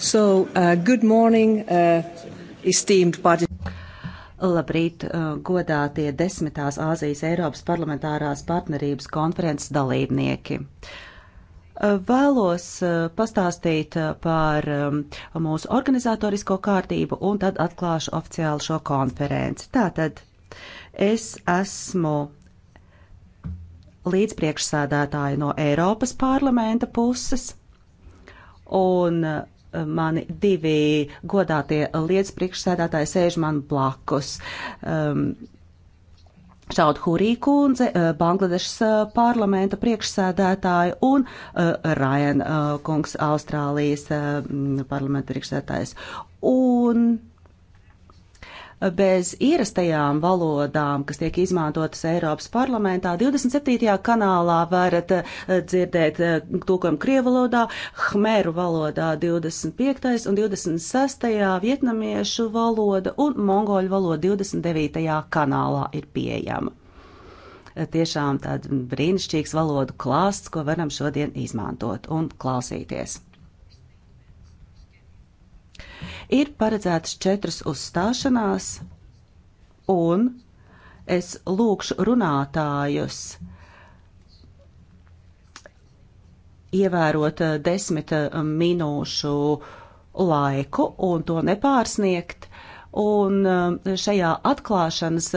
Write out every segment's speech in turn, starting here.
So, uh, good morning, uh, esteemed participants. Labrīt, uh, godātie desmitās Āzijas Eiropas parlamentārās partnerības konferences dalībnieki. Uh, vēlos uh, pastāstīt par um, mūsu organizatorisko kārtību un tad atklāšu oficiāli šo konferenci. Tātad es esmu līdzpriekšsēdētāja no Eiropas parlamenta puses un mani divi godātie lietas priekšsēdētāji sēž man blakus. Um, Šaud Hurī kundze, uh, Bangladešas uh, parlamenta priekšsēdētāja un uh, Ryan uh, kungs, Austrālijas uh, parlamenta priekšsēdētājs. Un bez ierastajām valodām, kas tiek izmantotas Eiropas parlamentā. 27. kanālā varat eh, dzirdēt eh, tūkojumu krievu valodā, khmeru valodā 25. un 26. vietnamiešu valoda un mongoļu valoda 29. kanālā ir pieejama. Eh, tiešām tāds brīnišķīgs valodu klāsts, ko varam šodien izmantot un klausīties. Ir paredzētas četras uzstāšanās, un es lūkšu runātājus ievērot eh, desmit eh, minūšu laiku un to nepārsniegt. Un eh, šajā atklāšanas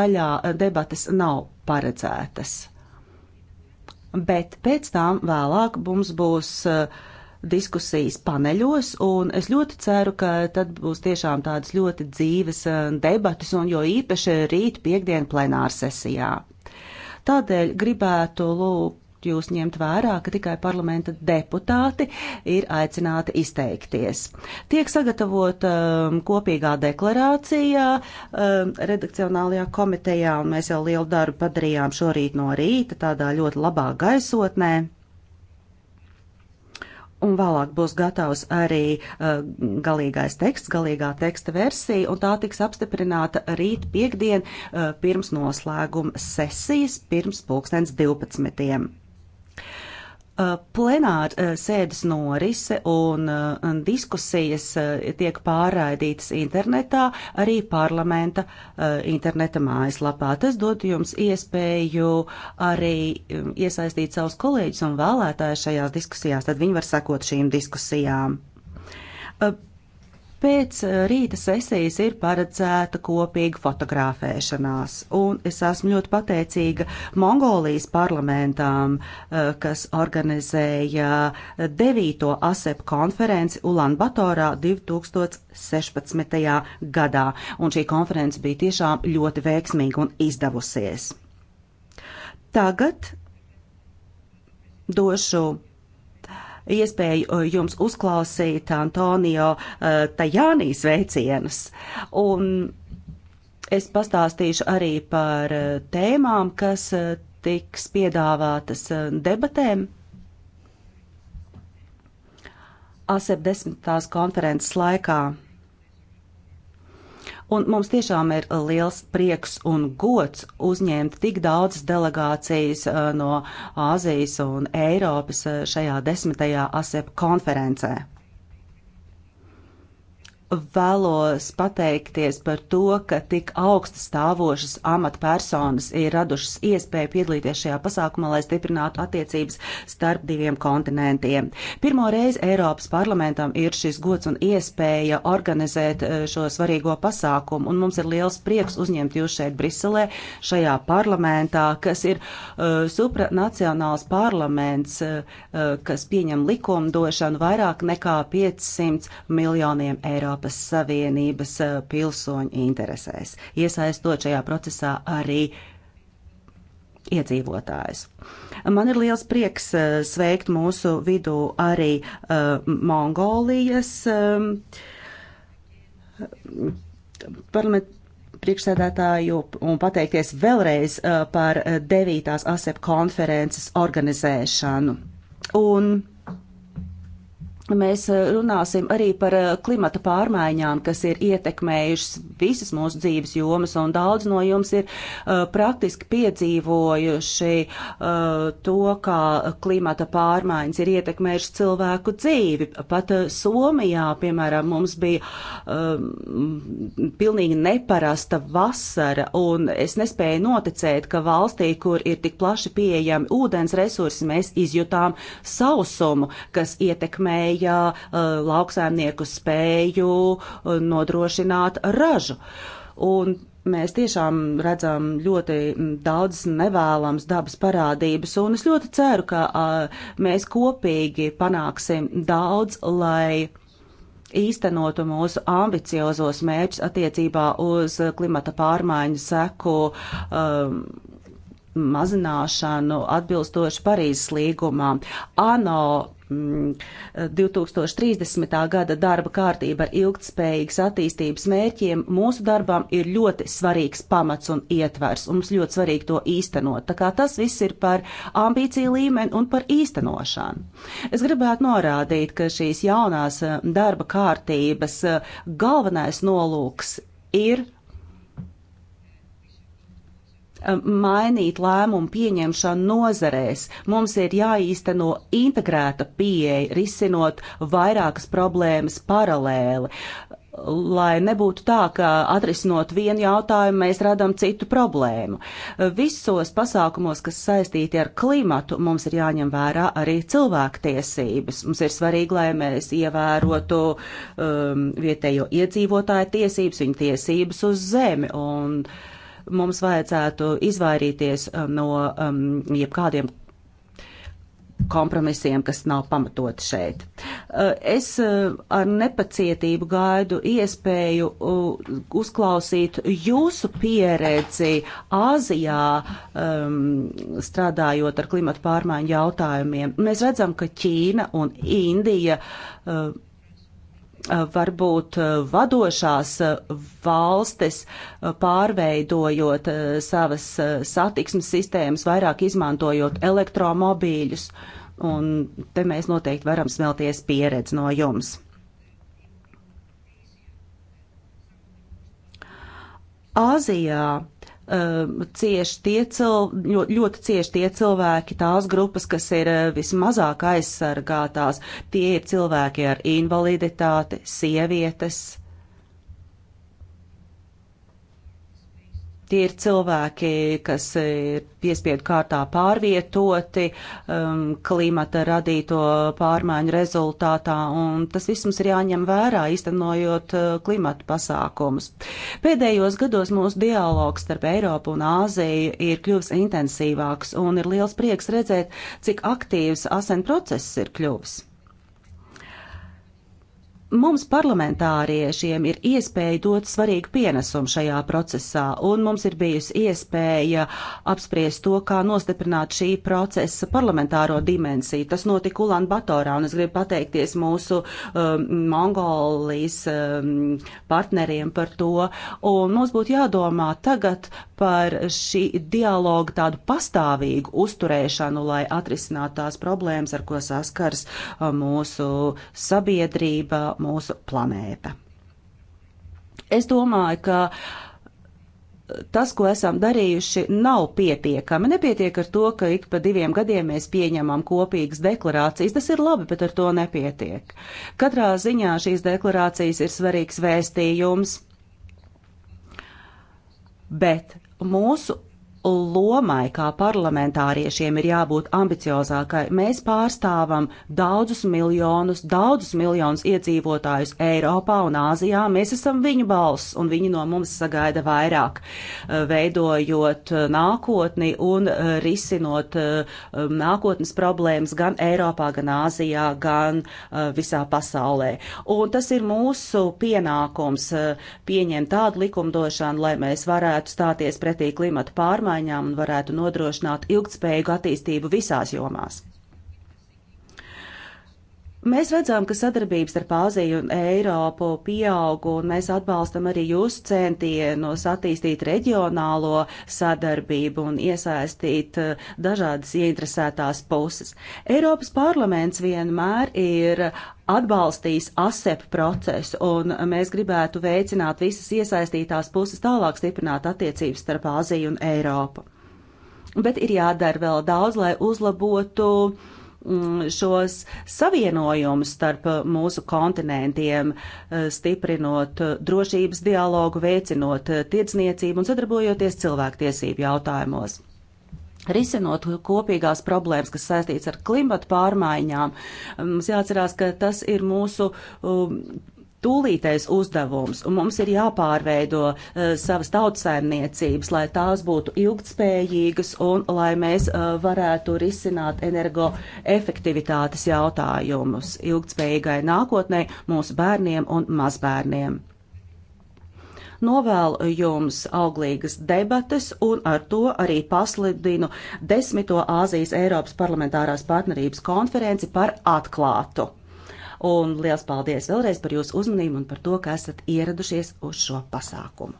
daļā debatas nav paredzētas. Bet pēc tam vēlāk mums būs uh, diskusijas paneļos, un es ļoti ceru, ka tad būs tiešām tādas ļoti dzīves eh, debatas, un jo īpaši rīt piekdien plenāra sesijā. Tādēļ gribētu lūgt jūs ņemt vērā, ka tikai parlamenta deputāti ir aicināti izteikties. Tiek sagatavota um, ehm, kopīgā deklarācija um, redakcionālajā komitejā, un mēs jau lielu darbu padarījām šorīt no rīta tādā ļoti labā gaisotnē. Un vēlāk būs gatavs arī uh, galīgais teksts, galīgā teksta versija, un tā tiks apstiprināta rīt piekdien uh, pirms noslēguma sesijas, pirms pulkstens 12. Eh, Plenāra eh, sēdes norise un eh, diskusijas tiek pārraidītas internetā, arī parlamenta interneta mājaslapā. Tas dod jums iespēju arī mm, iesaistīt savus kolēģus un vēlētājus šajās diskusijās, tad viņi var sekot šīm diskusijām. Pēc eh, rīta sesijas ir paredzēta kopīga fotografēšanās, un es esmu ļoti pateicīga Mongolijas parlamentām, eh, kas organizēja 9. ASEP konferenci Ulanbatorā 2016. gadā, un šī konference bija tiešām ļoti veiksmīga un izdevusies. Tagad došu iespēju uh, jums uzklausīt Antonio uh, Tajānijas veicienus. Un es pastāstīšu arī par uh, tēmām, kas tiks piedāvātas debatēm. ASEP desmitās konferences laikā. Un mums tiešām ir liels prieks un gods uzņemt tik daudzas delegācijas uh, no Āzijas un Eiropas uh, šajā desmitajā ASEP konferencē vēlos pateikties par to, ka tik augsta stāvošas amatpersonas ir radušas iespēju piedalīties šajā pasākumā, lai stiprinātu attiecības starp diviem kontinentiem. Pirmo reizi Eiropas parlamentam ir šis gods un iespēja organizēt eh, šo svarīgo pasākumu, un mums ir liels prieks uzņemt jūs šeit Briselē, šajā parlamentā, kas ir uh, supranacionāls parlaments, uh, kas pieņem likumdošanu vairāk nekā 500 miljoniem eiro Eiropas Savienības eh, pilsoņu interesēs, iesaistot šajā procesā arī iedzīvotājus. Man ir liels prieks eh, sveikt mūsu vidū arī uh, Mongolijas um, parlamentu priekšsēdētāju un pateikties vēlreiz uh, par 9. ASEP konferences organizēšanu. Un Mēs eh, runāsim arī par eh, klimata pārmaiņām, kas ir ietekmējušas visas mūsu dzīves jomas, un daudz no jums ir uh, praktiski piedzīvojuši uh, to, kā klimata pārmaiņas ir ietekmējušas cilvēku dzīvi. Pat uh, Somijā, piemēram, mums bija pilnīgi neparasta vasara, un es nespēju noticēt, ka valstī, kur ir tik plaši pieejami ūdens resursi, mēs izjutām sausumu, kas ietekmēja vājā eh, lauksēmnieku spēju eh, nodrošināt ražu. Un mēs tiešām redzam ļoti mm, daudz nevēlams dabas parādības, un es ļoti ceru, ka a, eh, mēs kopīgi panāksim daudz, lai īstenotu mūsu ambiciozos mērķus attiecībā uz klimata pārmaiņu seku um, mazināšanu atbilstoši Parīzes līgumām. ANO 2030. Mm, gada darba kārtība ar ilgtspējīgas attīstības mērķiem mūsu darbām ir ļoti svarīgs pamats un ietvers, un mums ļoti svarīgi to īstenot. Tā kā tas viss ir par ambīciju līmeni un par īstenošanu. Es gribētu norādīt, ka šīs jaunās eh, darba kārtības eh, galvenais nolūks ir Um, mainīt lēmumu pieņemšanu nozarēs. Mums ir jāīsteno integrēta pieeja, risinot vairākas problēmas paralēli. Lai nebūtu tā, ka atrisinot vienu jautājumu, mēs radām citu problēmu. Visos pasākumos, kas saistīti ar klimatu, mums ir jāņem vērā arī cilvēktiesības. Mums ir svarīgi, lai mēs ievērotu um, vietējo iedzīvotāju tiesības, viņu tiesības uz zemi. Un, uh, mums vajadzētu izvairīties uh, no um, jebkādiem kompromisiem, kas nav pamatoti šeit. Uh, es uh, ar nepacietību gaidu iespēju uzklausīt jūsu pieredzi Āzijā um, strādājot ar klimatu pārmaiņu jautājumiem. Mēs redzam, ka Ķīna un Indija Eh, varbūt eh, vadošās eh, valstis pārveidojot savas satiksmes sistēmas, vairāk izmantojot elektromobīļus. Un te mēs noteikti varam smelties pieredzi no jums. Āzijā Um, cieši tie cilvēki, ļoti, ļoti cieši tie cilvēki, tās grupas, kas ir uh, vismazāk aizsargātās. Tie ir cilvēki ar invaliditāti, sievietes, Tie ir cilvēki, kas ir piespiedu kārtā pārvietoti um, klimata radīto pārmaiņu rezultātā, un tas viss mums ir jāņem vērā, iztenojot uh, klimata pasākumus. Pēdējos gados mūsu dialogs starp Eiropu un Āziju ir kļuvis intensīvāks, un ir liels prieks redzēt, cik aktīvs ASEN process ir kļuvis. Mums parlamentāriešiem ir iespēja dot svarīgu pienesumu šajā procesā, un mums ir bijusi iespēja apspriest to, kā nostiprināt šī procesa parlamentāro dimensiju. Tas notika Ulan Batorā, un es gribu pateikties mūsu um, Mongolijas um, partneriem par to, un mums būtu jādomā tagad par šī dialoga tādu pastāvīgu uzturēšanu, lai atrisinātu tās problēmas, ar ko saskars um, mūsu sabiedrība mūsu planēta. Es domāju, ka eh, tas, ko esam darījuši, nav pietiekami. Nepietiek ar to, ka ik pa diviem gadiem mēs pieņemam kopīgas deklarācijas. Tas ir labi, bet ar to nepietiek. Katrā ziņā šīs deklarācijas ir svarīgs vēstījums, bet mūsu lomai, kā parlamentāriešiem, ir jābūt ambiciozākai. Mēs pārstāvam daudzus miljonus, daudzus miljonus iedzīvotājus Eiropā un Āzijā. Mēs esam viņu balss, un viņi no mums sagaida vairāk, eh, veidojot eh, nākotni un eh, risinot nākotnes problēmas gan Eiropā, gan Āzijā, gan visā pasaulē. Un tas ir mūsu pienākums pieņemt tādu likumdošanu, lai mēs varētu stāties pretī klimatu pārmaiņām izmaiņām un varētu nodrošināt ilgtspējīgu attīstību visās jomās. Mēs redzam, ka sadarbības ar Pāziju un Eiropu pieaug, un mēs atbalstam arī jūsu centienus attīstīt reģionālo sadarbību un iesaistīt uh, dažādas ieinteresētās puses. Eiropas parlaments vienmēr ir atbalstīs ASEP procesu, un mēs gribētu veicināt visas iesaistītās puses tālāk stiprināt attiecības starp Āziju un Eiropu. Bet ir jādara vēl daudz, lai uzlabotu mm, šos savienojumus starp mūsu kontinentiem, eh, stiprinot drošības dialogu, veicinot eh, tirdzniecību un sadarbojoties cilvēktiesību jautājumos. Risinot kopīgās problēmas, kas saistīts ar klimatu pārmaiņām, mums jāatcerās, ka tas ir mūsu um, tūlītais uzdevums, un mums ir jāpārveido uh, savas tautsēmniecības, lai tās būtu ilgtspējīgas un lai mēs uh, varētu risināt energoefektivitātes jautājumus ilgtspējīgai nākotnē mūsu bērniem un mazbērniem. Novēlu jums auglīgas debates un ar to arī pasludinu desmito Āzijas Eiropas parlamentārās partnerības konferenci par atklātu. Un liels paldies vēlreiz par jūsu uzmanību un par to, ka esat ieradušies uz šo pasākumu.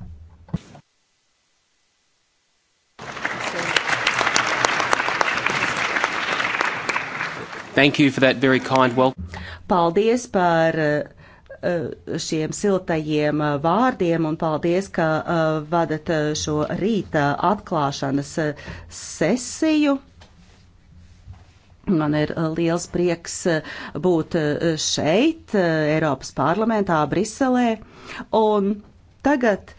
Thank you for that very kind welcome. Paldies par uh, Eh, šiem siltajiem eh, vārdiem un paldies, ka eh, vadat šo rīta atklāšanas sesiju. Man ir liels prieks būt šeit, Eiropas parlamentā, Briselē. Un tagad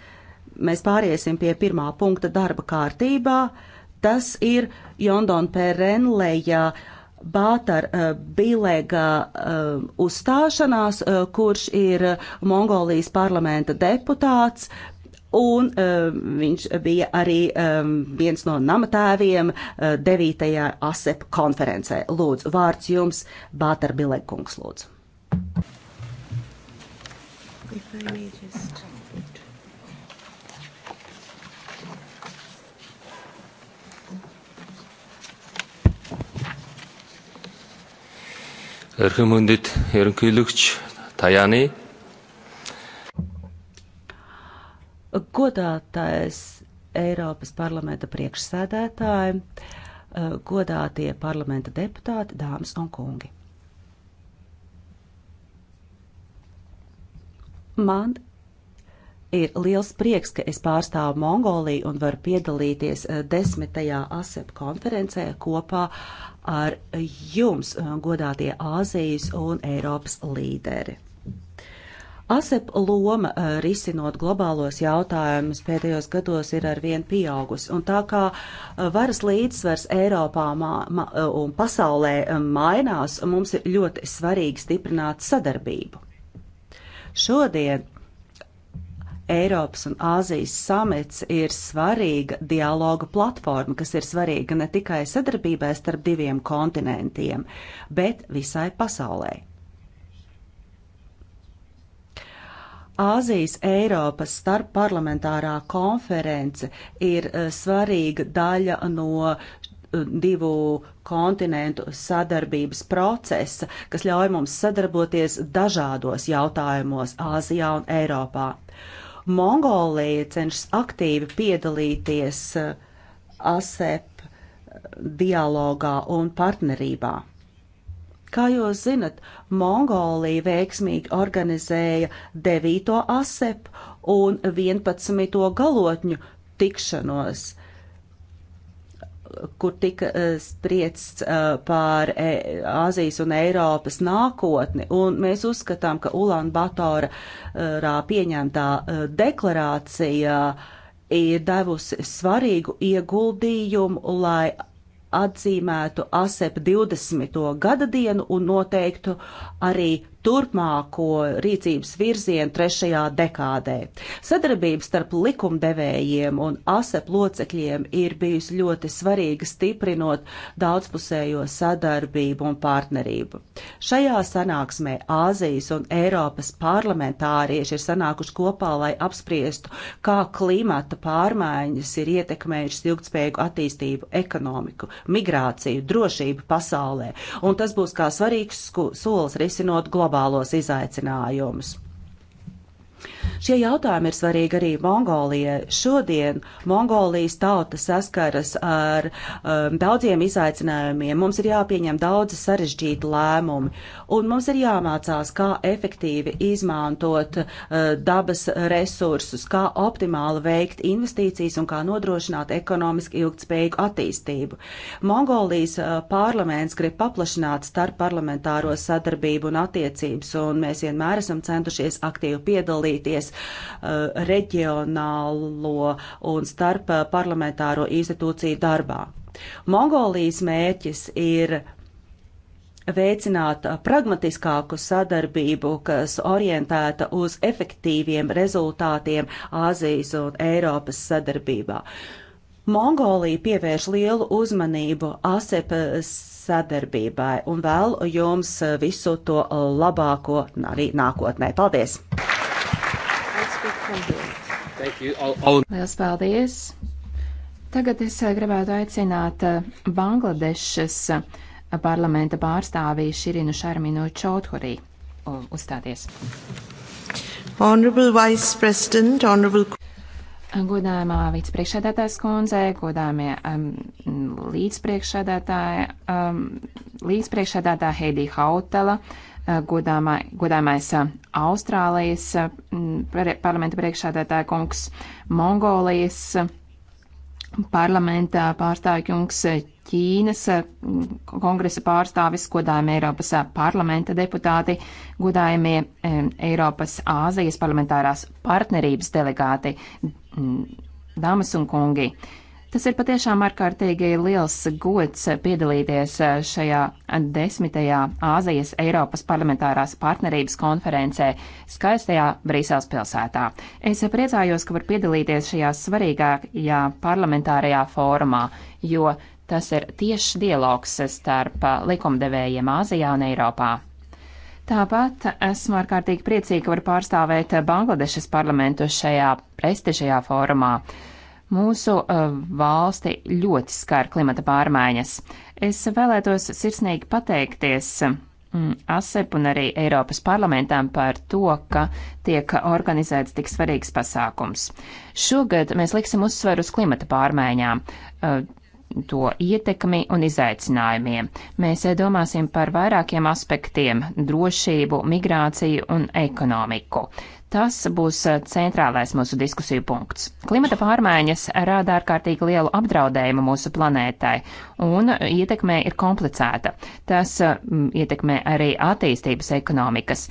mēs pāriesim pie pirmā punkta darba kārtībā. Tas ir Jondon Perenleja. Uh, Bātar uh, Bīlēga uh, uzstāšanās, uh, kurš ir Mongolijas parlamenta deputāts. Un uh, viņš bija arī um, viens no namatēviem uh, 9. ASEP konferencē. Lūdzu, vārds jums, Bātar Bilekungs, lūdzu. If I may just... Erhim Hündet Ernkīļukč Tajānī. Godātais Eiropas parlamenta priekšsēdētāji, godātie parlamenta deputāti, dāmas un kungi. Man Ir liels prieks, ka es pārstāvu Mongoliju un varu piedalīties eh, desmitajā ASEP konferencē kopā ar jums, eh, godātie Āzijas un Eiropas līderi. ASEP loma eh, risinot globālos jautājumus pēdējos gados ir arvien pieaugusi, un tā kā varas līdzsvars Eiropā ma ma un pasaulē mainās, mums ir ļoti svarīgi stiprināt sadarbību. Šodien Eiropas un Āzijas samits ir svarīga dialoga platforma, kas ir svarīga ne tikai sadarbībai starp diviem kontinentiem, bet visai pasaulē. Āzijas Eiropas starpparlamentārā konference ir eh, svarīga daļa no eh, divu kontinentu sadarbības procesa, kas ļauj mums sadarboties dažādos jautājumos Āzijā un Eiropā. Mongolija cenšas aktīvi piedalīties eh, ASEP eh, dialogā un partnerībā. Kā jūs zinat, Mongolija veiksmīgi organizēja 9. ASEP un 11. galotņu tikšanos kur tika e, spriests e, pār e, Āzijas un Eiropas nākotni, un mēs uzskatām, ka Ulan Batorā pieņemtā deklarācija ir devusi svarīgu ieguldījumu, lai atzīmētu ASEP 20. gada dienu un noteiktu arī turpmāko rīcības virzienu trešajā dekādē. Sadarbība starp likumdevējiem un ASEP locekļiem ir bijusi ļoti svarīga stiprinot daudzpusējo sadarbību un partnerību. Šajā sanāksmē Āzijas un Eiropas parlamentārieši ir sanākuši kopā, lai apspriestu, kā klimata pārmaiņas ir ietekmējušas ilgtspējīgu attīstību, ekonomiku, migrāciju, drošību pasaulē, un tas būs kā svarīgs solis risinot globālu globālos izaicinājumus. Šie jautājumi ir svarīgi arī Mongolijai. Šodien Mongolijas tauta saskaras ar um, daudziem izaicinājumiem. Mums ir jāpieņem daudzi sarežģīti lēmumi, un mums ir jāmācās, kā efektīvi izmantot uh, dabas resursus, kā optimāli veikt investīcijas un kā nodrošināt ekonomiski ilgtspējīgu attīstību. Mongolijas uh, parlaments grib paplašināt starpparlamentāro sadarbību un attiecības, un mēs vienmēr esam centušies aktīvi piedalīties iesaistīties eh, reģionālo un starp eh, parlamentāro institūciju darbā. Mongolijas mērķis ir veicināt eh, pragmatiskāku sadarbību, kas orientēta uz efektīviem rezultātiem Āzijas un Eiropas sadarbībā. Mongolija pievērš lielu uzmanību ASEP sadarbībai un vēl jums visu to labāko arī nākotnē. Paldies! Lielas paldies! Tagad es eh, gribētu aicināt eh, Bangladešas eh, parlamenta pārstāvī Širinu Šarminu Čauthurī um, uzstāties. Honorable Vice President, Honorable. Godājumā vicepriekšādātājs kundze, godājumie um, līdzpriekšādātāji, um, līdzpriekšādātāja Heidī Hautala, uh, godāmā, godāmais Austrālijas parlamenta priekšādātāja kungs, Mongolijas parlamenta pārstāvja kungs, Ķīnas kongresa pārstāvis, godājumie Eiropas parlamenta deputāti, godājumie Eiropas Āzijas parlamentārās partnerības delegāti, dāmas un kungi. Tas ir patiešām ārkārtīgi liels gods piedalīties eh, šajā desmitajā Āzijas Eiropas parlamentārās partnerības konferencē skaistajā Brīseles pilsētā. Es priecājos, ka var piedalīties šajā svarīgākajā parlamentārajā fórumā, jo tas ir tiešs dialogs starp eh, likumdevējiem Āzijā un Eiropā. Tāpat esmu ārkārtīgi priecīga, ka var pārstāvēt Bangladešas parlamentu šajā prestižajā fórumā. Mūsu uh, valsti ļoti skar klimata pārmaiņas. Es vēlētos sirsnīgi pateikties mm, ASEP un arī Eiropas parlamentām par to, ka tiek organizēts tik svarīgs pasākums. Šogad mēs liksim uzsveru uz klimata pārmaiņām. Uh, to ietekmi un izaicinājumiem. Mēs uh, domāsim par vairākiem aspektiem - drošību, migrāciju un ekonomiku. Tas būs eh, centrālais mūsu diskusiju punkts. Klimata pārmaiņas rada ārkārtīgi lielu apdraudējumu mūsu planētai, un ietekmē ir komplicēta. Tas eh, ietekmē arī attīstības ekonomikas.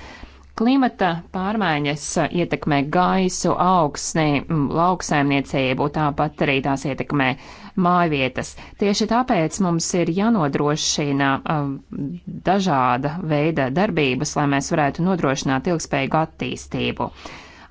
Klimata pārmaiņas ietekmē gaisu, augsni, lauksaimniecību, tāpat arī tās ietekmē mājvietas. Tieši tāpēc mums ir jānodrošina dažāda veida darbības, lai mēs varētu nodrošināt ilgspējīgu attīstību.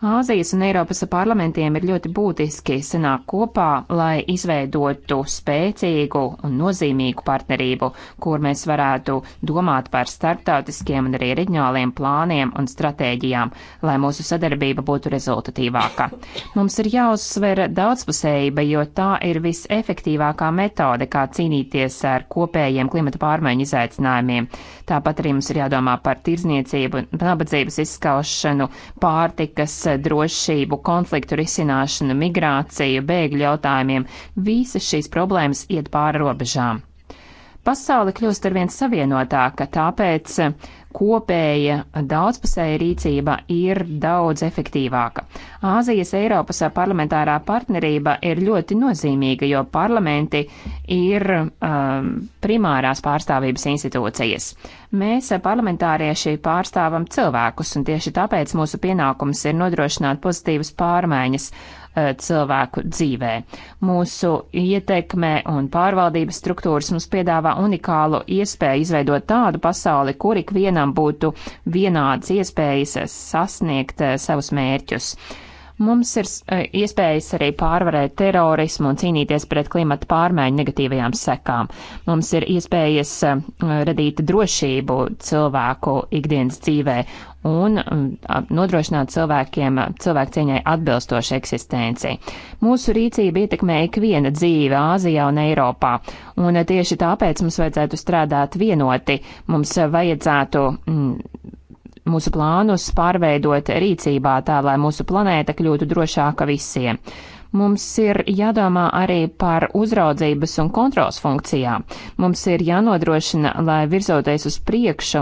Āzijas un Eiropas parlamentiem ir ļoti būtiski sanāk kopā, lai izveidotu spēcīgu un nozīmīgu partnerību, kur mēs varētu domāt par starptautiskiem un arī reģionāliem plāniem un stratēģijām, lai mūsu sadarbība būtu rezultatīvāka. Mums ir jāuzsver daudzpusējība, jo tā ir visefektīvākā metode, kā cīnīties ar kopējiem klimata pārmaiņu izaicinājumiem. Tāpat arī mums ir jādomā par tirzniecību, nabadzības izskaušanu, pārtikas drošību, konfliktu risināšanu, migrāciju, bēgļu jautājumiem - visas šīs problēmas iet pāri robežām. Pasaule kļūst arvien savienotāka, tāpēc kopēja daudzpusēja rīcība ir daudz efektīvāka. Āzijas Eiropas parlamentārā partnerība ir ļoti nozīmīga, jo parlamenti ir um, primārās pārstāvības institūcijas. Mēs, parlamentārieši, pārstāvam cilvēkus, un tieši tāpēc mūsu pienākums ir nodrošināt pozitīvas pārmaiņas Eh, cilvēku dzīvē. Mūsu ietekme un pārvaldības struktūras mums piedāvā unikālu iespēju izveidot tādu pasauli, kur ikvienam būtu vienāds iespējas sasniegt eh, savus mērķus. Mums ir eh, iespējas arī pārvarēt terorismu un cīnīties pret klimata pārmaiņu negatīvajām sekām. Mums ir iespējas eh, radīt drošību cilvēku ikdienas dzīvē un mm, nodrošināt cilvēkiem cilvēkcieņai atbilstošu eksistenci. Mūsu rīcība ietekmē ikviena dzīve Āzijā un Eiropā, un tieši tāpēc mums vajadzētu strādāt vienoti, mums vajadzētu mm, mūsu plānus pārveidot rīcībā tā, lai mūsu planēta kļūtu drošāka visiem. Mums ir jādomā arī par uzraudzības un kontrols funkcijām. Mums ir jānodrošina, lai virzoties uz priekšu,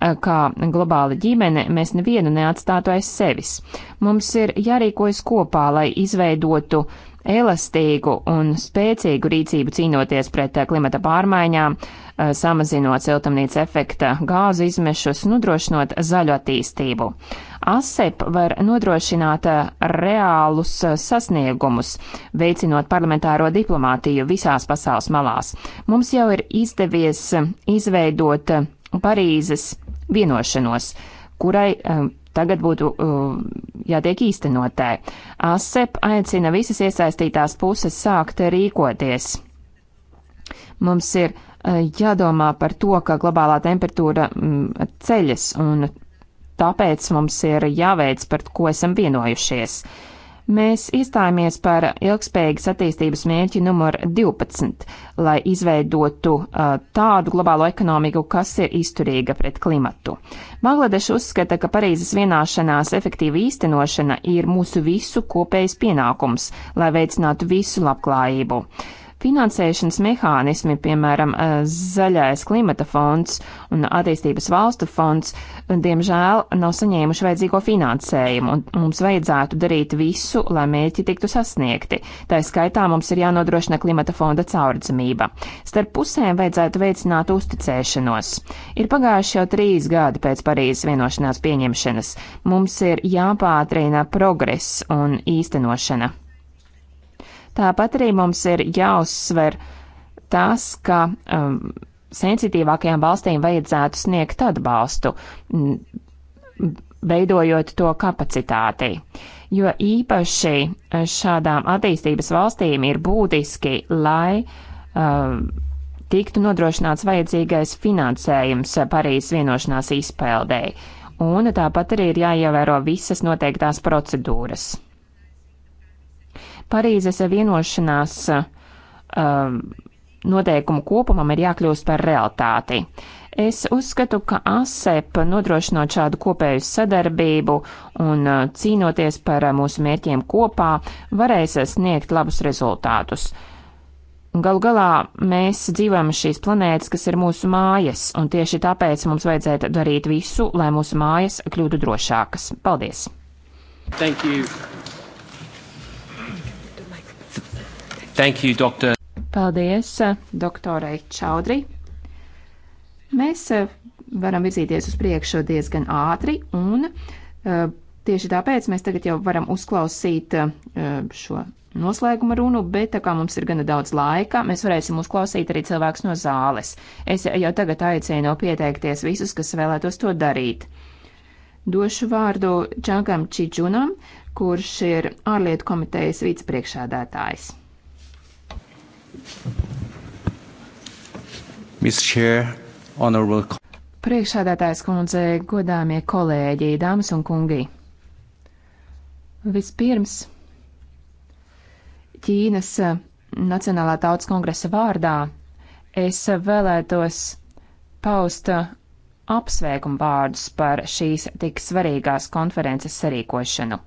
eh, kā globāla ģimene, mēs nevienu neatstātu aiz sevis. Mums ir jārīkojas kopā, lai izveidotu elastīgu un spēcīgu rīcību cīnoties pret eh, klimata pārmaiņām, uh, Eh, samazinot siltumnīca efekta gāzu izmešus, nodrošinot zaļu attīstību. ASEP var nodrošināt eh, reālus eh, sasniegumus, veicinot parlamentāro diplomātiju visās pasaules malās. Mums jau ir izdevies izveidot Parīzes vienošanos, kurai tagad būtu uh, jātiek īstenotē. ASEP aicina visas iesaistītās puses sākt rīkoties. Mums ir jādomā par to, ka globālā temperatūra mm, ceļas, un tāpēc mums ir jāveic, par ko esam vienojušies. Mēs iestājāmies par ilgspējīgas attīstības mērķi numur 12, lai izveidotu uh, tādu globālo ekonomiku, kas ir izturīga pret klimatu. Bangladeša uzskata, ka Parīzes vienāšanās efektīva īstenošana ir mūsu visu kopējs pienākums, lai veicinātu visu labklājību. Uh, Finansēšanas mehānismi, piemēram, eh, zaļais klimata fonds un attīstības valstu fonds, diemžēl nav saņēmuši vajadzīgo finansējumu, un mums vajadzētu darīt visu, lai mērķi tiktu sasniegti. Tā skaitā mums ir jānodrošina klimata fonda caurdzamība. Starp pusēm vajadzētu veicināt uzticēšanos. Ir pagājuši jau trīs gadi pēc Parīzes vienošanās pieņemšanas. Mums ir jāpātrina progress un īstenošana. Tāpat arī mums ir jāuzsver tas, ka um, sensitīvākajām valstīm vajadzētu sniegt atbalstu, veidojot to kapacitāti. Jo īpaši eh, šādām attīstības valstīm ir būtiski, lai uh, tiktu nodrošināts vajadzīgais finansējums Parīzes vienošanās izpildēji, un tāpat arī ir jāievēro visas noteiktās procedūras. Parīzes vienošanās um, noteikumu kopumam ir jākļūst par realitāti. Es uzskatu, ka ASEP nodrošinot šādu kopēju sadarbību un uh, cīnoties par uh, mūsu mērķiem kopā, varēs sniegt labus rezultātus. Galu galā mēs dzīvojam šīs planētas, kas ir mūsu mājas, un tieši tāpēc mums vajadzētu darīt visu, lai mūsu mājas kļūtu drošākas. Paldies! Thank you. Thank you, doctor. Paldies, doktorai Čaudri. Mēs eh, varam virzīties uz priekšu diezgan ātri un eh, tieši tāpēc mēs tagad jau varam uzklausīt eh, šo noslēguma runu, bet tā kā mums ir gana daudz laika, mēs varēsim uzklausīt arī cilvēks no zāles. Es jau tagad aicinu pieteikties visus, kas vēlētos to darīt. Došu vārdu Čankam Čiģunam, kurš ir ārlietu komitejas vicepriekšādātājs. Priekšādātājs kundze, godāmie kolēģi, dāmas un kungi. Vispirms Ķīnas Nacionālā tautas kongresa vārdā es vēlētos paust apsveikumu vārdus par šīs tik svarīgās konferences sarīkošanu.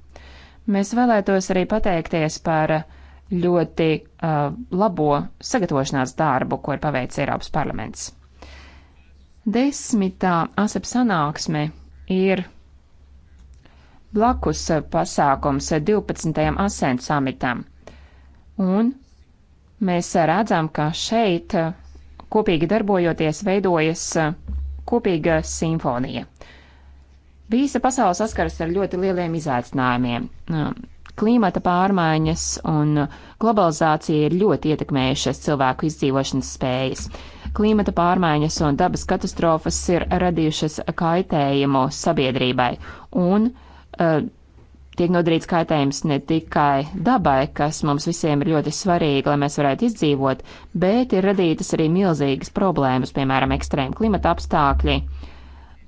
Mēs vēlētos arī pateikties par uh, ļoti uh, labo sagatavošanās darbu, ko ir paveicis Eiropas parlaments. Desmitā ASEP sanāksme ir blakus pasākums 12. ASEP samitam. Un mēs redzam, ka šeit uh, kopīgi darbojoties veidojas uh, kopīga simfonija. Visa pasaule saskaras ar ļoti lieliem izaicinājumiem. Uh, klimata pārmaiņas un globalizācija ir ļoti ietekmējušas cilvēku izdzīvošanas spējas. Klimata pārmaiņas un dabas katastrofas ir radījušas kaitējumu sabiedrībai un uh, tiek nodarīts kaitējums ne tikai dabai, kas mums visiem ir ļoti svarīgi, lai mēs varētu izdzīvot, bet ir radītas arī milzīgas problēmas, piemēram, ekstrēma klimata apstākļi. Uh,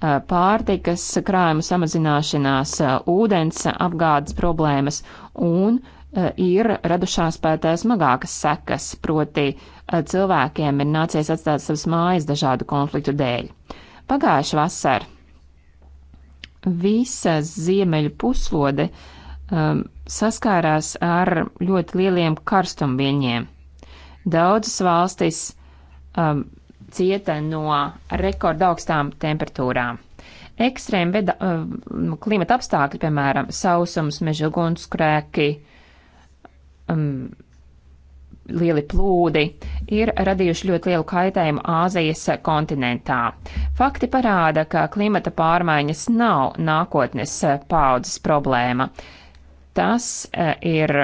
Eh, pārtikas krājuma samazināšanās, eh, ūdens apgādes problēmas un eh, ir radušās pēc smagākas sekas, proti cilvēkiem ir nācies atstāt savas mājas dažādu konfliktu dēļ. Pagājuši vasar visa ziemeļu puslode um, saskārās ar ļoti lieliem karstumviļņiem. Daudzas valstis um, cieta no rekordaugstāām temperatūrām. Ekstrēmi veda, um, klimata apstākļi, piemēram, sausums, meža ugunskrēki, um, lieli plūdi, ir radījuši ļoti lielu kaitējumu Āzijas kontinentā. Fakti parāda, ka klimata pārmaiņas nav nākotnes uh, paudzes problēma. Tas uh, ir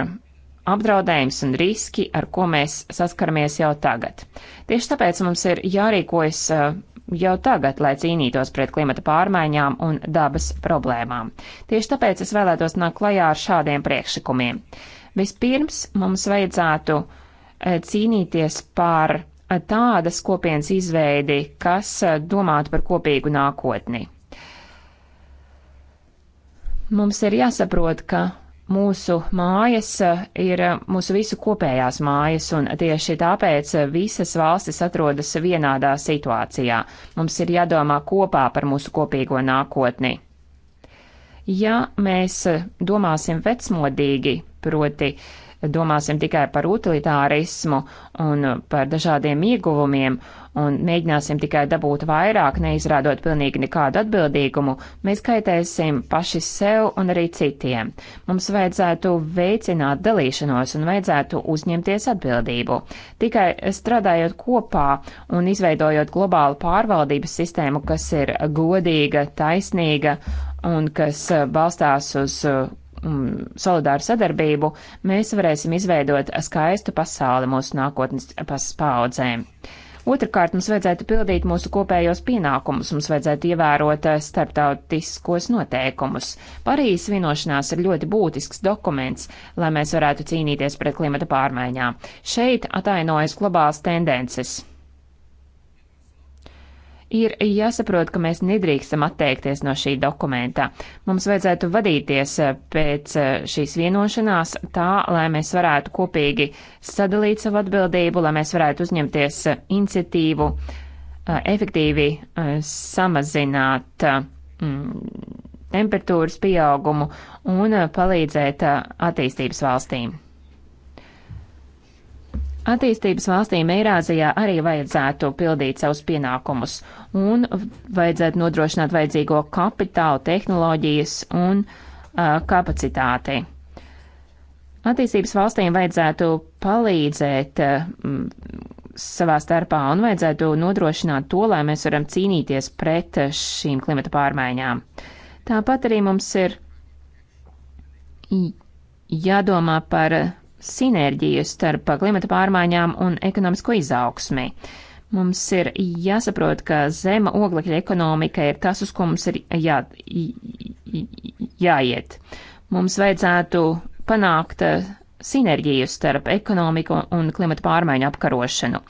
apdraudējums un riski, ar ko mēs saskaramies jau tagad. Tieši tāpēc mums ir jārīkojas uh, jau tagad, lai cīnītos pret klimata pārmaiņām un dabas problēmām. Tieši tāpēc es vēlētos nākt klajā ar šādiem priekšlikumiem. Vispirms mums vajadzētu uh, cīnīties par uh, tādas kopienas izveidi, kas domātu par kopīgu nākotni. Mums ir jāsaprot, ka mūsu mājas eh, ir eh, mūsu visu kopējās mājas, un tieši tāpēc eh, visas valstis atrodas vienādā situācijā. Mums ir jādomā kopā par mūsu kopīgo nākotni. Ja mēs domāsim vecmodīgi, proti, uh, domāsim tikai par utilitārismu un par dažādiem ieguvumiem un mēģināsim tikai dabūt vairāk, neizrādot pilnīgi nekādu atbildīgumu, mēs kaitēsim paši sev un arī citiem. Mums vajadzētu veicināt dalīšanos un vajadzētu uzņemties atbildību. Tikai strādājot kopā un izveidojot globālu pārvaldības sistēmu, kas ir godīga, taisnīga un kas balstās uz um, solidāru sadarbību, mēs varēsim izveidot skaistu pasauli mūsu nākotnes paudzēm. Otrakārt, mums vajadzētu pildīt mūsu kopējos pienākumus, mums vajadzētu ievērot eh, starptautiskos noteikumus. Parīzes vienošanās ir ļoti būtisks dokuments, lai mēs varētu cīnīties pret klimata pārmaiņām. Šeit atainojas globālas tendences ir jāsaprot, ka mēs nedrīkstam atteikties no šī dokumenta. Mums vajadzētu vadīties eh, pēc eh, šīs vienošanās tā, lai mēs varētu kopīgi sadalīt savu atbildību, lai mēs varētu uzņemties eh, iniciatīvu, efektīvi samazināt mm, temperatūras pieaugumu un palīdzēt attīstības valstīm. Attīstības valstīm Eirāzijā arī vajadzētu pildīt savus pienākumus un vajadzētu nodrošināt vajadzīgo kapitālu, tehnoloģijas un uh, kapacitāti. Attīstības valstīm vajadzētu palīdzēt uh, savā starpā un vajadzētu nodrošināt to, lai mēs varam cīnīties pret šīm klimata pārmaiņām. Tāpat arī mums ir jādomā par sinerģiju starp klimata pārmaiņām un ekonomisko izaugsmi. Mums ir jāsaprot, ka zema oglekļa ekonomika ir tas, uz ko mums ir jā, jāiet. Mums vajadzētu panākt eh, sinerģiju starp ekonomiku un klimata pārmaiņu apkarošanu.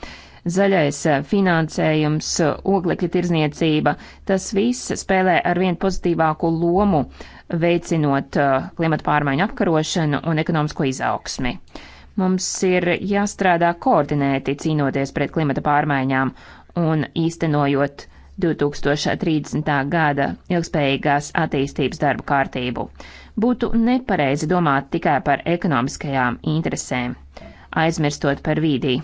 Zaļais eh, finansējums, oglekļa tirzniecība, tas viss spēlē arvien pozitīvāku lomu uh, veicinot uh, klimata pārmaiņu apkarošanu un ekonomisko izaugsmi. Mums ir jāstrādā koordinēti cīnoties pret klimata pārmaiņām un īstenojot 2030. gada ilgspējīgās attīstības darbu kārtību. Būtu nepareizi domāt tikai par ekonomiskajām interesēm, aizmirstot par vīdī.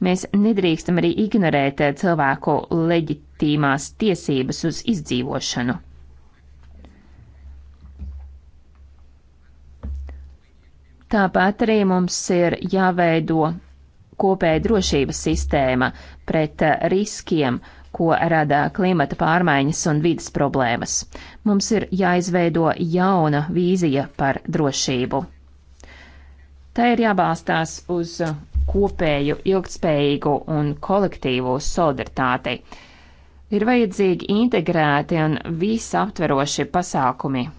Mēs nedrīkstam arī ignorēt eh, cilvēku leģitīmās tiesības uz izdzīvošanu. Tāpat arī mums ir jāveido kopēja drošības sistēma pret eh, riskiem, ko rada klimata pārmaiņas un vidas problēmas. Mums ir jāizveido jauna vīzija par drošību. Tā ir jābalstās uz eh, kopēju, ilgtspējīgu un kolektīvu solidaritāti. Ir vajadzīgi integrēti un visaptveroši pasākumi,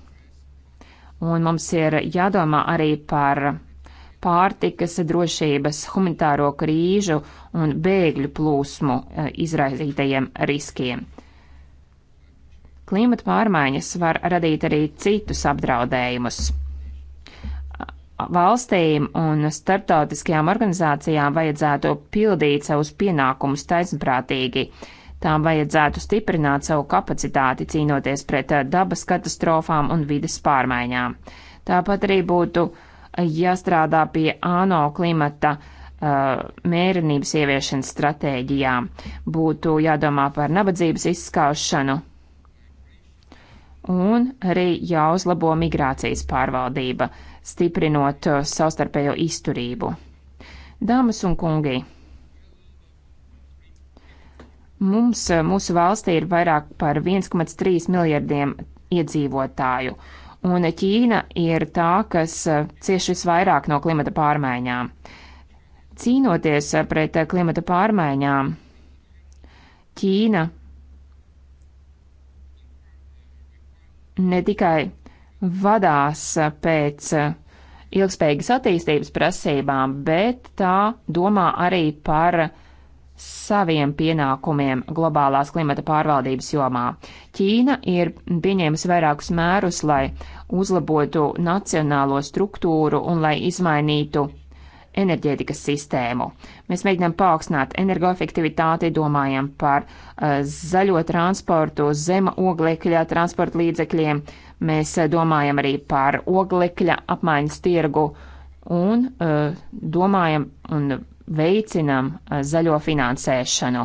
Un mums ir jādomā arī par pārtikas drošības, humanitāro krīžu un bēgļu plūsmu e, izraisītajiem riskiem. Klimata pārmaiņas var radīt arī citus apdraudējumus. Valstīm un starptautiskajām organizācijām vajadzētu pildīt savus pienākumus taisnprātīgi, Tām vajadzētu stiprināt savu kapacitāti cīnoties pret eh, dabas katastrofām un vides pārmaiņām. Tāpat arī būtu jāstrādā pie ANO klimata uh, mērenības ieviešanas stratēģijām, būtu jādomā par nabadzības izskaušanu un arī jāuzlabo migrācijas pārvaldība, stiprinot eh, savstarpējo izturību. Dāmas un kungi! Mums, eh, mūsu valstī ir vairāk par 1,3 miljardiem iedzīvotāju, un Ķīna ir tā, kas eh, cieši visvairāk no klimata pārmaiņām. Cīnoties eh, pret klimata pārmaiņām, Ķīna ne tikai vadās pēc ilgspējīgas attīstības prasībām, bet tā domā arī par uh, saviem pienākumiem globālās klimata pārvaldības jomā. Ķīna ir pieņēmusi vairākus mērus, lai uzlabotu nacionālo struktūru un lai izmainītu enerģētikas sistēmu. Mēs mēģinām paaugstināt energoefektivitāti, domājam par uh, zaļo transportu, zema oglekļa transporta līdzekļiem, mēs uh, domājam arī par oglekļa apmaiņas tirgu un uh, domājam un veicinam zaļo finansēšanu.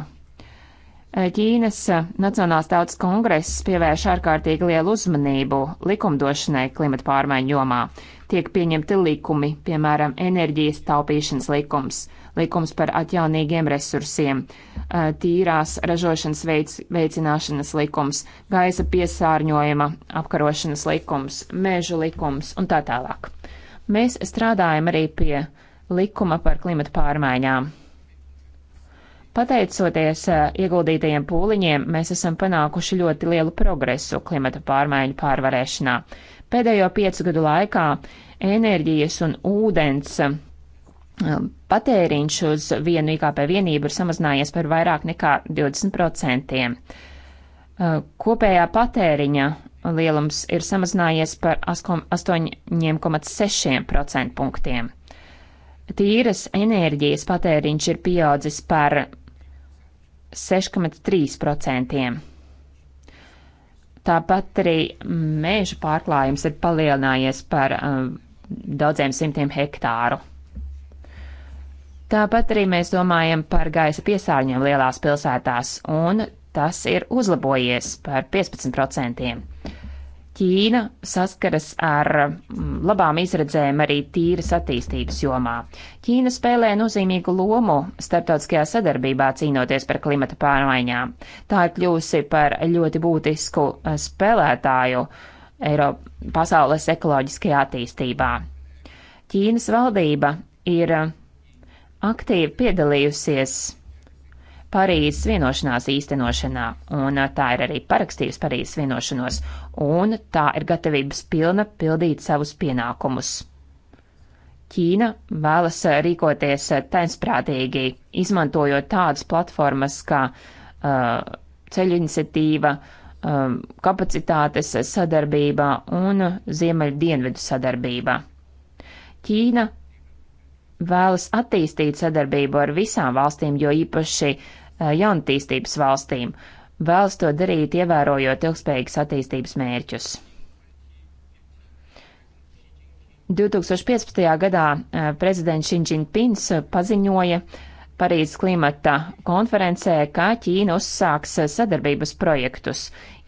Ķīnas Nacionālās tautas kongress pievērš ārkārtīgi lielu uzmanību likumdošanai klimata pārmaiņu jomā. Tiek pieņemti likumi, piemēram, enerģijas taupīšanas likums, likums par atjaunīgiem resursiem, tīrās ražošanas veic, veicināšanas likums, gaisa piesārņojuma apkarošanas likums, mēžu likums un tā tālāk. Mēs strādājam arī pie uh, likuma par klimatu pārmaiņām. Pateicoties eh, ieguldītajiem pūliņiem, mēs esam panākuši ļoti lielu progresu klimata pārmaiņu pārvarēšanā. Pēdējo piecu gadu laikā enerģijas un ūdens eh, patēriņš uz vienu IKP vienību ir samazinājies par vairāk nekā 20%. Eh, kopējā patēriņa lielums ir samazinājies par 8,6 procentpunktiem tīras enerģijas patēriņš ir pieaudzis par 6,3%. Tāpat arī mēžu pārklājums ir palielinājies par um, daudziem simtiem hektāru. Tāpat arī mēs domājam par gaisa piesārņojumu lielās pilsētās, un tas ir uzlabojies par 15%. Ķīna saskaras ar mm, labām izredzēm arī tīras attīstības jomā. Ķīna spēlē nozīmīgu lomu starptautiskajā sadarbībā cīnoties par klimata pārmaiņām. Tā ir kļūsi par ļoti būtisku eh, spēlētāju Eiropa pasaules ekoloģiskajā attīstībā. Ķīnas valdība ir eh, aktīvi piedalījusies Parīzes vienošanās īstenošanā, un uh, tā ir arī parakstījusi Parīzes vienošanos, un tā ir gatavības pilna pildīt savus pienākumus. Ķīna vēlas uh, rīkoties uh, taisprātīgi, izmantojot tādas platformas kā uh, ceļu iniciatīva, um, kapacitātes sadarbība un ziemeļdienvedu sadarbība. Ķīna vēlas attīstīt sadarbību ar visām valstīm, jo īpaši Eh, jaunatīstības valstīm, vēlas to darīt, ievērojot ilgspējīgas attīstības mērķus. 2015. gadā eh, prezidents Šinčinpins paziņoja Parīzes klimata konferencē, ka Ķīna uzsāks eh, sadarbības projektus,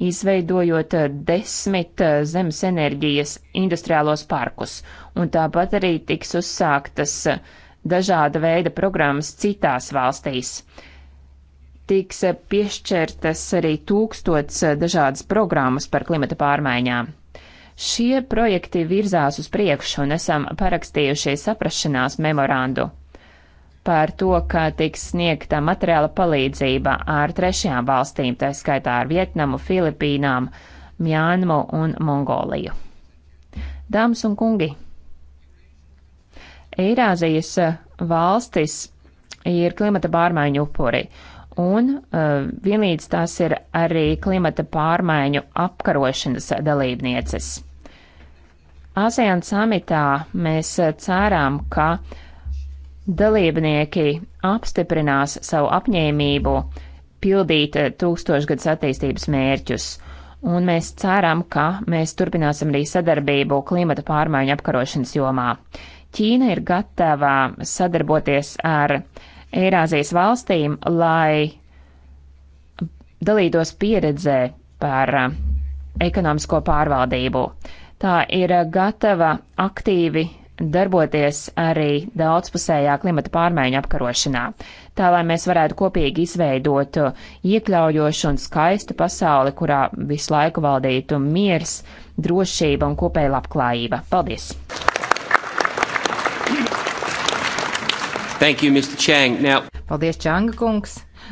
izveidojot desmit zemes enerģijas industriālos parkus, un tāpat arī tiks uzsāktas dažāda veida programmas citās valstīs. Uh, tiks piešķirtas arī tūkstots eh, dažādas programmas par klimata pārmaiņām. Šie projekti virzās uz priekšu un esam parakstījušie saprašanās memorandu par to, ka tiks sniegta materiāla palīdzība ar trešajām valstīm, tā skaitā ar Vietnamu, Filipīnām, Mjānmu un Mongoliju. Dāmas un kungi! Eirāzijas valstis ir klimata pārmaiņu upuri. Un uh, vienlīdz tās ir arī klimata pārmaiņu apkarošanas dalībnieces. ASEAN samitā mēs uh, cerām, ka dalībnieki apstiprinās savu apņēmību pildīt uh, tūkstošgads attīstības mērķus un mēs ceram, ka mēs turpināsim arī sadarbību klimata pārmaiņu apkarošanas jomā. Ķīna ir gatava sadarboties ar Eirāzijas valstīm, lai dalītos pieredzē par uh, ekonomisko pārvaldību. Tā ir uh, gatava aktīvi darboties arī daudzpusējā klimata pārmaiņu apkarošanā, tā lai mēs varētu kopīgi izveidot uh, iekļaujošu un skaistu pasauli, kurā visu laiku valdītu miers, drošība un kopēja labklājība. Paldies! Thank you, Mr. Chang. Now... Paldies, Čanga kungs.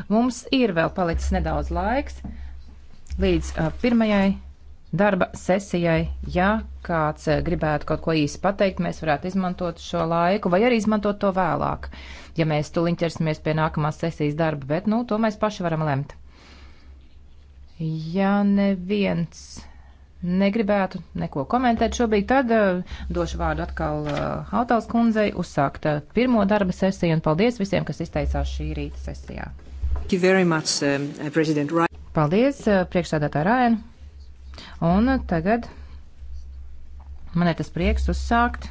Mums ir vēl palicis nedaudz laiks līdz uh, pirmajai darba sesijai. Ja kāds uh, gribētu kaut ko īsi pateikt, mēs varētu izmantot šo laiku vai arī izmantot to vēlāk, ja mēs tuliņ ķersimies pie nākamās sesijas darba, bet, nu, to mēs paši varam lemt. Ja neviens negribētu neko komentēt šobrīd, tad uh, došu vārdu atkal uh, Hautals kundzei uzsākt uh, pirmo darba sesiju un paldies visiem, kas izteicās šī rīta sesijā. Much, um, paldies, uh, priekšsādātāja Rājana. Un uh, tagad man ir tas prieks uzsākt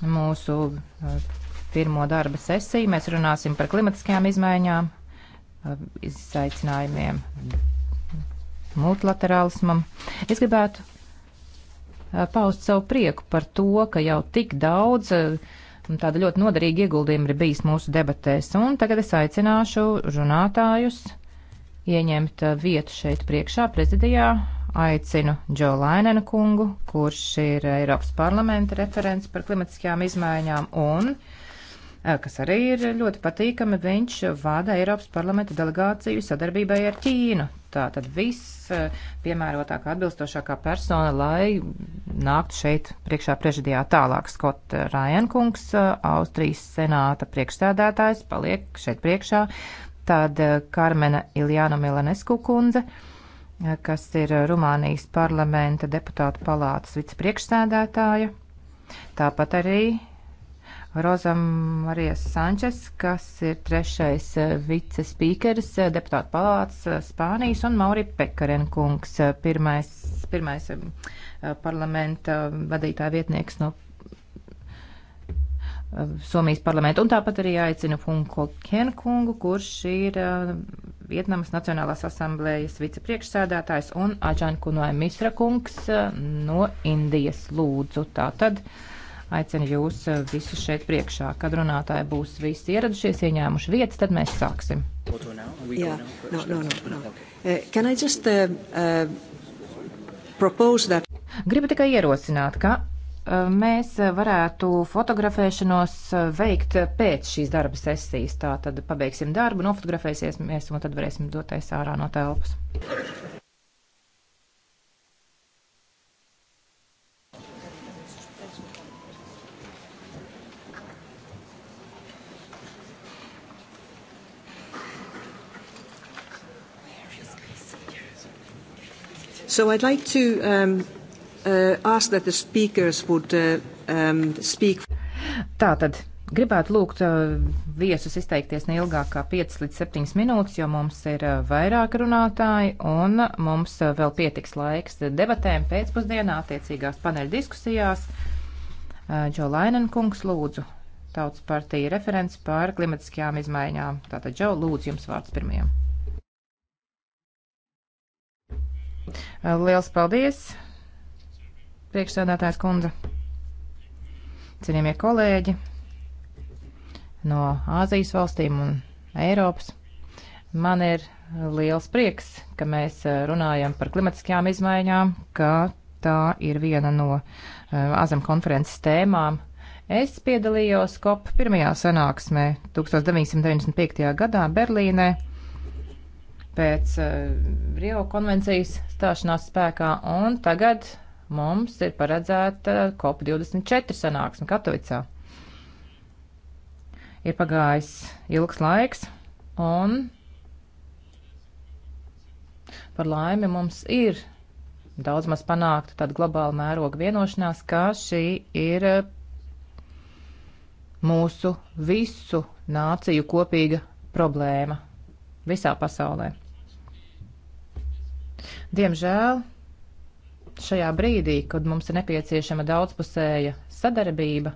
mūsu uh, pirmo darba sesiju. Mēs runāsim par klimatiskajām izmaiņām, uh, izaicinājumiem multilaterālismam. Es gribētu paust savu prieku par to, ka jau tik daudz tāda ļoti noderīga ieguldījuma ir bijis mūsu debatēs. Un tagad es aicināšu runātājus ieņemt vietu šeit priekšā prezidijā. Aicinu Džo Lainenu kungu, kurš ir Eiropas parlamenta referents par klimatiskajām izmaiņām un kas arī ir ļoti patīkami, viņš vada Eiropas parlamenta delegāciju sadarbībai ar Ķīnu tā tad viss eh, piemērotākā atbilstošākā persona, lai nāktu šeit priekšā prežidijā tālāk. Skot Rajankungs, eh, Austrijas senāta priekšsēdētājs, paliek šeit priekšā. Tad eh, Karmena Iljāna Milanesku kundze, kas ir Rumānijas parlamenta deputāta palātas vicepriekšsēdētāja. Tāpat arī Rozam Marijas Sančes, kas ir trešais eh, vicespīkeris eh, deputāta palātas eh, Spānijas un Mauri Pekarenkungs, pirmais, pirmais parlamenta vadītāja vietnieks no Somijas parlamentu. Un tāpat arī aicinu Funko Kenkungu, kurš ir uh, Vietnamas Nacionālās asamblējas vicepriekšsēdētājs un Aģanku Noemisra kungs uh, no Indijas lūdzu. Tātad. Uh, aicinu jūs eh, visus šeit priekšā. Kad runātāji būs visi ieradušies, ieņēmuši vietas, tad mēs sāksim. Yeah. No, no, no, uh, just, uh, uh, that... Gribu tikai ierosināt, ka uh, mēs varētu fotografēšanos uh, veikt pēc šīs darba sesijas. Tā tad pabeigsim darbu, nofotografēsimies un tad varēsim doties ārā no telpas. So I'd like to um, uh, ask that the speakers would uh, um, speak. Tātad gribētu lūgt uh, viesus izteikties neilgāk kā 5 līdz 7 minūtes, jo mums ir uh, vairāk runātāji un mums uh, vēl pietiks laiks debatēm pēcpusdienā attiecīgās paneļa diskusijās. Uh, Džo Lainenkungs lūdzu, Tautas partija referents pār klimatiskajām izmaiņām. Tātad, Džo, lūdzu jums vārds pirmajam. Uh, liels paldies, priekšsēdētājs kundze, cienījamie kolēģi no Āzijas valstīm un Eiropas. Man ir liels prieks, ka mēs uh, runājam par klimatiskajām izmaiņām, ka tā ir viena no Azem uh, konferences tēmām. Es piedalījos COP pirmajā sanāksmē 1995. gadā Berlīnē pēc eh, Rio konvencijas stāšanās spēkā, un tagad mums ir paredzēta COP24 sanāksme Katovicā. Ir pagājis ilgs laiks, un par laimi mums ir daudz maz panākta tāda globāla mēroga vienošanās, ka šī ir eh, mūsu visu nāciju kopīga problēma visā pasaulē. Diemžēl šajā brīdī, kad mums ir nepieciešama daudzpusēja sadarbība,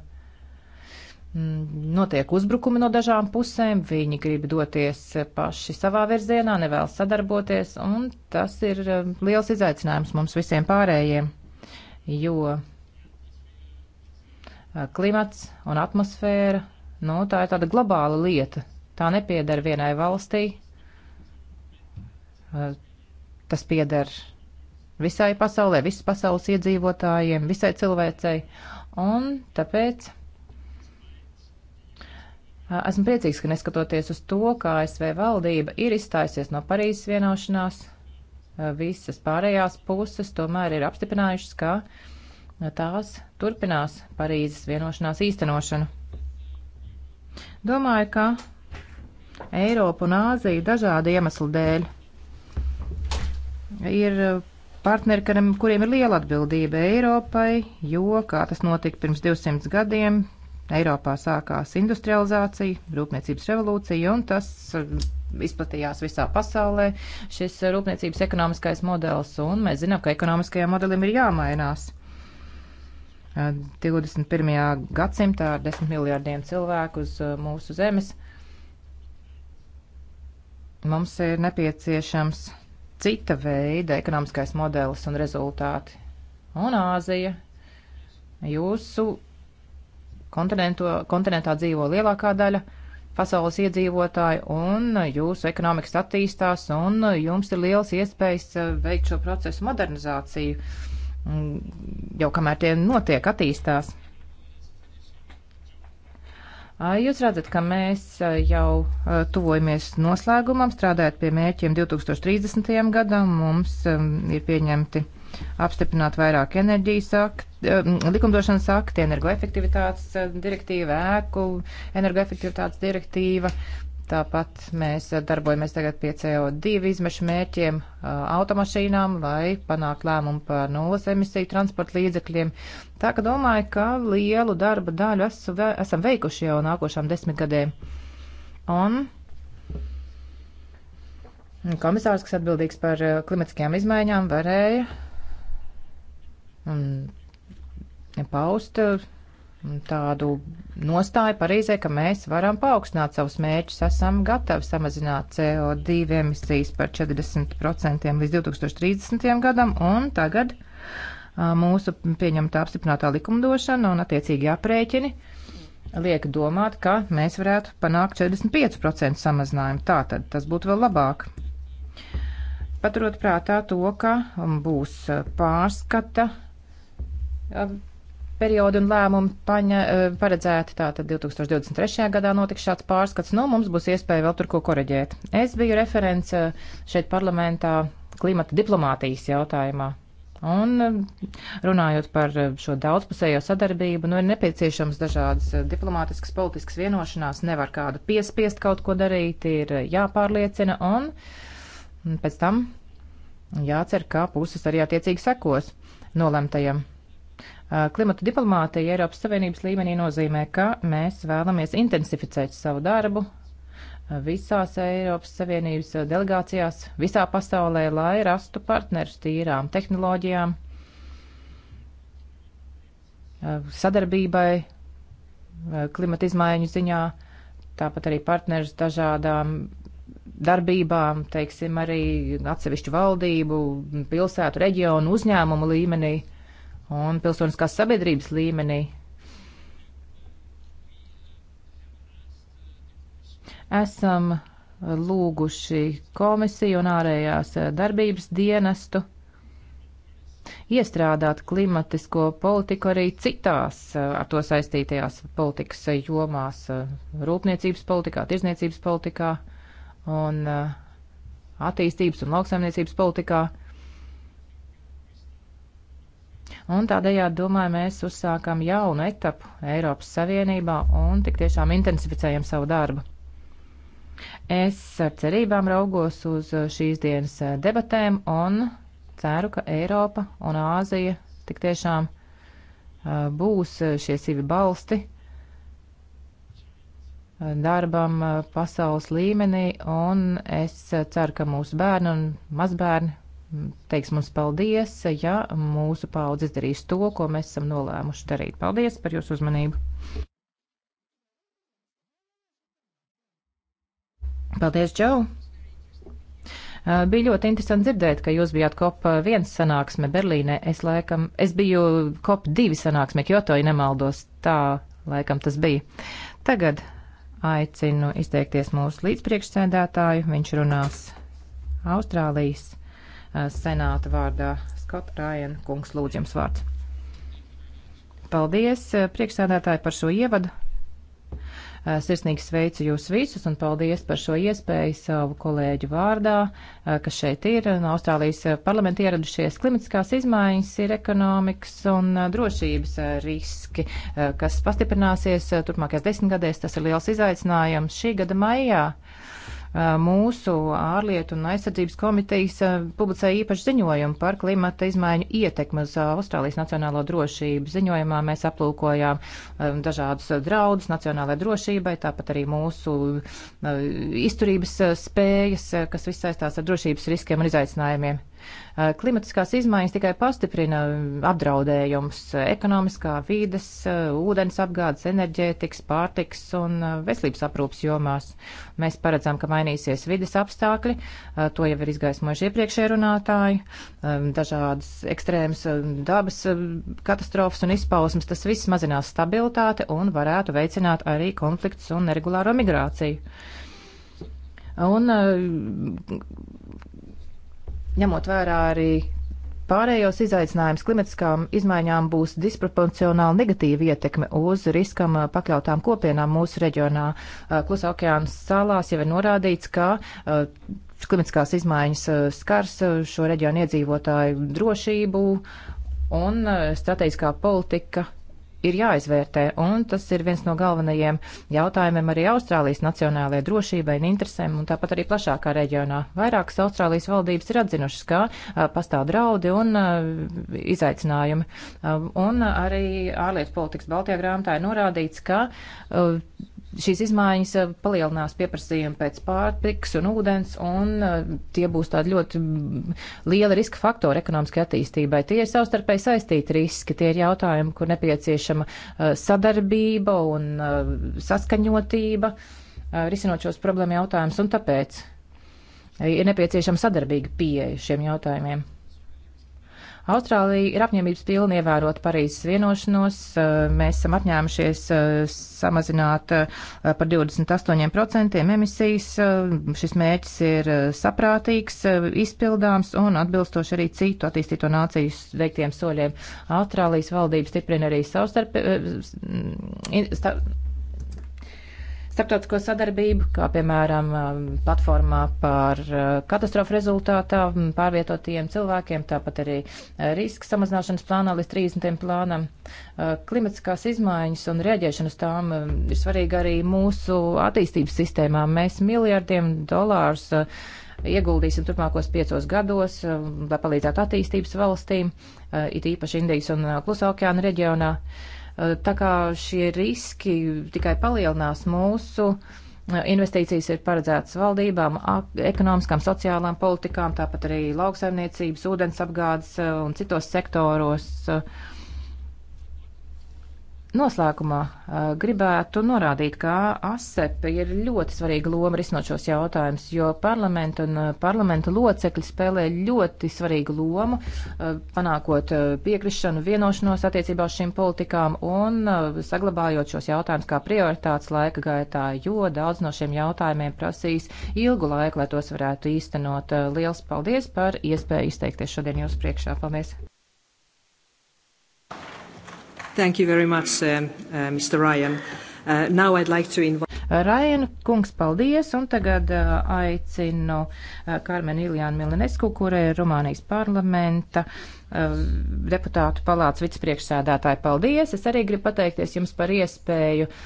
mm, notiek uzbrukumi no dažām pusēm, viņi grib doties paši savā virzienā, nevēlas sadarboties, un tas ir eh, liels izaicinājums mums visiem pārējiem, jo eh, klimats un atmosfēra, nu, tā ir tāda globāla lieta, tā nepiedara vienai valstī, eh, kas pieder visai pasaulē, visas pasaules iedzīvotājiem, visai cilvēcei. Un tāpēc esmu priecīgs, ka neskatoties uz to, kā ASV valdība ir izstājusies no Parīzes vienošanās, visas pārējās puses tomēr ir apstiprinājušas, ka tās turpinās Parīzes vienošanās īstenošanu. Domāju, ka Eiropa un Āzija dažādu iemeslu dēļ ir uh, partneri, kuriem ir liela atbildība Eiropai, jo, kā tas notika pirms 200 gadiem, Eiropā sākās industrializācija, rūpniecības revolūcija, un tas uh, izplatījās visā pasaulē, šis uh, rūpniecības ekonomiskais modelis, un mēs zinām, ka ekonomiskajam modelim ir jāmainās. 21. gadsimtā ar 10 miljārdiem cilvēku uz mūsu zemes mums ir nepieciešams cita veida ekonomiskais modelis un rezultāti. Un Āzija. Jūsu kontinentā dzīvo lielākā daļa pasaules iedzīvotāji, un jūsu ekonomikas attīstās, un jums ir liels iespējas uh, veikt šo procesu modernizāciju, mm, jau kamēr tie notiek, attīstās. Jūs redzat, ka mēs jau tuvojamies noslēgumam, strādājot pie mērķiem 2030. gadam. Mums ir pieņemti apstiprināt vairāk enerģijas akti, likumdošanas akti, energoefektivitātes direktīva, ēku energoefektivitātes direktīva, Tāpat mēs darbojamies tagad pie CO2 izmešu mērķiem automašīnām, lai panāktu lēmumu par nulles emisiju transporta līdzekļiem. Tā ka domāju, ka lielu darba daļu esam veikuši jau nākošām desmitgadēm. Un komisārs, kas atbildīgs par klimatiskajām izmaiņām, varēja paust tādu nostāju Parīzē, ka mēs varam paaugstināt savus mērķus, esam gatavi samazināt CO2 emisijas par 40% līdz 2030. gadam, un tagad mūsu pieņemtā apstiprinātā likumdošana un attiecīgi aprēķini liek domāt, ka mēs varētu panākt 45% samazinājumu. Tātad tas būtu vēl labāk. Paturot prātā to, ka būs pārskata periodu un lēmumu paņa, e, paredzēti. Tātad 2023. gadā notiks šāds pārskats, nu mums būs iespēja vēl tur ko koreģēt. Es biju referents e, šeit parlamentā klimata diplomātijas jautājumā. Un e, runājot par šo daudzpusējo sadarbību, nu ir nepieciešams dažādas diplomātiskas, politiskas vienošanās, nevar kādu piespiest kaut ko darīt, ir jāpārliecina un pēc tam jācer, kā puses arī attiecīgi sekos nolemtajam. Eh, klimata diplomātija Eiropas Savienības līmenī nozīmē, ka mēs vēlamies intensificēt savu darbu eh, visās Eiropas Savienības eh, delegācijās, visā pasaulē, lai rastu partnerus tīrām tehnoloģijām, sadarbībai, klimata izmaiņu ziņā, tāpat arī partnerus dažādām darbībām, teiksim, arī atsevišķu valdību, pilsētu, reģionu, uzņēmumu līmenī un pilsoniskās sabiedrības līmenī. Esam lūguši komisiju un ārējās darbības dienestu iestrādāt klimatisko politiku arī citās eh, ar to saistītajās politikas jomās eh, - rūpniecības politikā, tirzniecības politikā un eh, attīstības un lauksaimniecības politikā. Un tādējādi, domāju, mēs uzsākam jaunu etapu Eiropas Savienībā un tik tiešām intensificējam savu darbu. Es ar cerībām raugos uz šīs dienas debatēm un ceru, ka Eiropa un Āzija tik tiešām būs šie sivi balsti darbam pasaules līmenī, un es ceru, ka mūsu bērni un mazbērni teiks mums paldies, ja mūsu paudzes darīs to, ko mēs esam nolēmuši darīt. Paldies par jūsu uzmanību! Paldies, Džau! Bija ļoti interesanti dzirdēt, ka jūs bijāt COP1 sanāksme Berlīnē. Es laikam, es biju COP2 sanāksme Kyoto, ja nemaldos. Tā laikam tas bija. Tagad aicinu izteikties mūsu līdzpriekšsēdētāju. Viņš runās Austrālijas Eh, senāta vārdā. Skot Rājien, kungs, lūdzu jums vārds. Paldies, eh, priekšsēdētāji, par šo ievadu. Eh, sirsnīgi sveicu jūs visus un paldies par šo iespēju savu kolēģu vārdā, kas šeit ir no Austrālijas parlamenta ieradušies. Klimatiskās izmaiņas ir ekonomikas un drošības riski, kas pastiprināsies turpmākajās desmitgadēs. Tas ir liels izaicinājums šī gada maijā. Uh, mūsu ārlietu un aizsardzības komitejas uh, publicēja īpašu ziņojumu par klimata izmaiņu ietekmi uz uh, Austrālijas nacionālo drošību. Ziņojumā mēs aplūkojām um, dažādus draudus nacionālajai drošībai, tāpat arī mūsu izturības spējas, kas viss saistās ar drošības riskiem un izaicinājumiem. Eh, klimatiskās izmaiņas tikai pastiprina mm, apdraudējums eh, ekonomiskā, vīdes, eh, ūdens apgādes, enerģētikas, pārtiks un veselības aprūpas jomās. Mēs paredzam, ka mainīsies vides apstākļi, to jau ir izgaismojuši iepriekšēji runātāji, dažādas ekstrēmas dabas katastrofas un izpausmes, tas viss mazinās stabilitāti un varētu veicināt arī konflikts un neregulāro migrāciju. Un ņemot vērā arī pārējos izaicinājumus, klimatiskām izmaiņām būs disproporcionāli negatīva ietekme uz riskam uh, pakļautām kopienām mūsu reģionā. Uh, Klusā okeāna salās jau ir norādīts, ka uh, klimatiskās izmaiņas skars šo reģionu iedzīvotāju drošību un strateģiskā politika ir jāizvērtē, un tas ir viens no galvenajiem jautājumiem arī Austrālijas nacionālajai drošībai un interesēm, un tāpat arī plašākā reģionā. Vairākas Austrālijas valdības ir atzinušas, ka pastāv draudi un izaicinājumi, un arī ārlietu politikas Baltijā grāmatā ir norādīts, ka šīs izmaiņas eh, palielinās pieprasījumu pēc pārtiks un ūdens, un eh, tie būs tādi ļoti mm, liela riska faktori ekonomiskai attīstībai. Tie ir savstarpēji saistīti riski, tie ir jautājumi, kur nepieciešama eh, sadarbība un saskaņotība, risinot šos problēmu jautājumus, un tāpēc ir nepieciešama sadarbīga pieeja šiem jautājumiem. Austrālija ir apņēmības pilni ievērot Parīzes vienošanos. Eh, mēs esam apņēmušies eh, samazināt eh, par 28% emisijas. Šis mērķis ir saprātīgs, izpildāms un atbilstoši arī citu attīstīto nāciju veiktiem soļiem. Austrālijas valdība stiprina arī savstarp, mm, starptautisko sadarbību, kā piemēram um, platformā par uh, katastrofu rezultātā mm, pārvietotajiem cilvēkiem, tāpat arī uh, riska samazināšanas plānā līdz 30. plānam. Uh, klimatiskās izmaiņas un rēģēšana uz tām um, ir svarīga arī mūsu attīstības sistēmā. Mēs miljardiem dolārus ieguldīsim turpmākos piecos gados, um, lai palīdzētu attīstības valstīm, it īpaši Indijas un Klusā okeāna reģionā. Uh, Eh, tā kā šie riski tikai palielinās mūsu eh, investīcijas ir paredzētas valdībām, ekonomiskām, sociālām politikām, tāpat arī lauksaimniecības, ūdens apgādes eh, un citos sektoros. Uh, Noslēgumā gribētu norādīt, ka ASEP ir ļoti svarīga loma risinot šos jautājumus, jo parlamentu un parlamentu locekļi spēlē ļoti svarīgu lomu, panākot piekrišanu, vienošanos attiecībā uz šīm politikām un saglabājot šos jautājumus kā prioritātes laika gaitā, jo daudz no šiem jautājumiem prasīs ilgu laiku, lai tos varētu īstenot. Liels paldies par iespēju izteikties šodien jūsu priekšā. Paldies! Thank you very much, uh, uh, Mr. Ryan. Uh, now I'd like to invite... Uh, Raina kungs, paldies, un tagad uh, aicinu uh, Karmenu Iljānu Milanesku, kura ir Rumānijas parlamenta uh, deputātu palāca vicepriekšsēdētāja. Paldies! Es arī gribu pateikties jums par iespēju uh,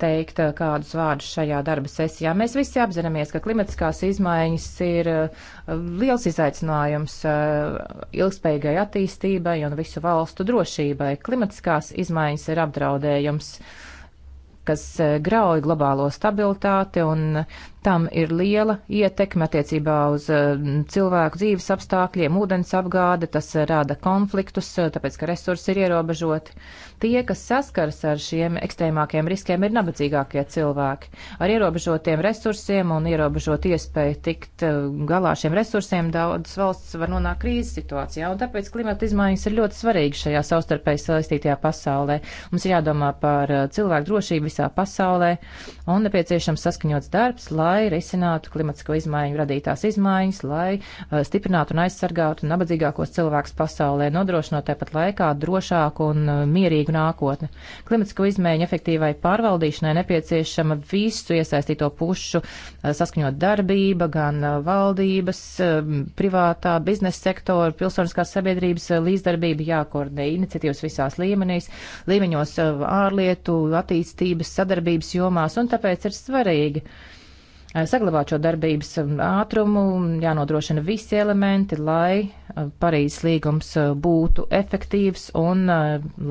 teikt eh, kādus vārdus šajā darba sesijā. Mēs visi apzināmies, ka klimatiskās izmaiņas ir eh, liels izaicinājums eh, ilgspējīgai attīstībai un visu valstu drošībai. Klimatiskās izmaiņas ir apdraudējums kas grauj globālo stabilitāti un Tam ir liela ietekme attiecībā uz eh, cilvēku dzīves apstākļiem, ūdens apgāde, tas eh, rada konfliktus, eh, tāpēc ka resursi ir ierobežoti. Tie, kas saskaras ar šiem ekstrēmākiem riskiem, ir nabadzīgākie cilvēki. Ar ierobežotiem resursiem un ierobežot iespēju tikt galā šiem resursiem daudzas valsts var nonākt krīzes situācijā, un tāpēc klimata izmaiņas ir ļoti svarīgas šajā savstarpēji saistītajā pasaulē. Mums ir jādomā par cilvēku drošību visā pasaulē un nepieciešams saskaņots darbs, lai lai risinātu klimatisko izmaiņu radītās izmaiņas, lai uh, stiprinātu un aizsargātu nabadzīgākos cilvēkus pasaulē, nodrošinot tāpat laikā drošāku un uh, mierīgu nākotni. Klimatisko izmaiņu efektīvai pārvaldīšanai nepieciešama visu iesaistīto pušu uh, saskaņot darbība, gan valdības, um, privātā biznesa sektora, pilsoniskās sabiedrības līdzdarbība jākoordinē iniciatīvas visās līmenīs, līmeņos ārlietu, attīstības, sadarbības jomās, un tāpēc ir svarīgi Eh, saglabāt šo darbības eh, ātrumu, jānodrošina visi elementi, lai eh, Parīzes līgums būtu efektīvs un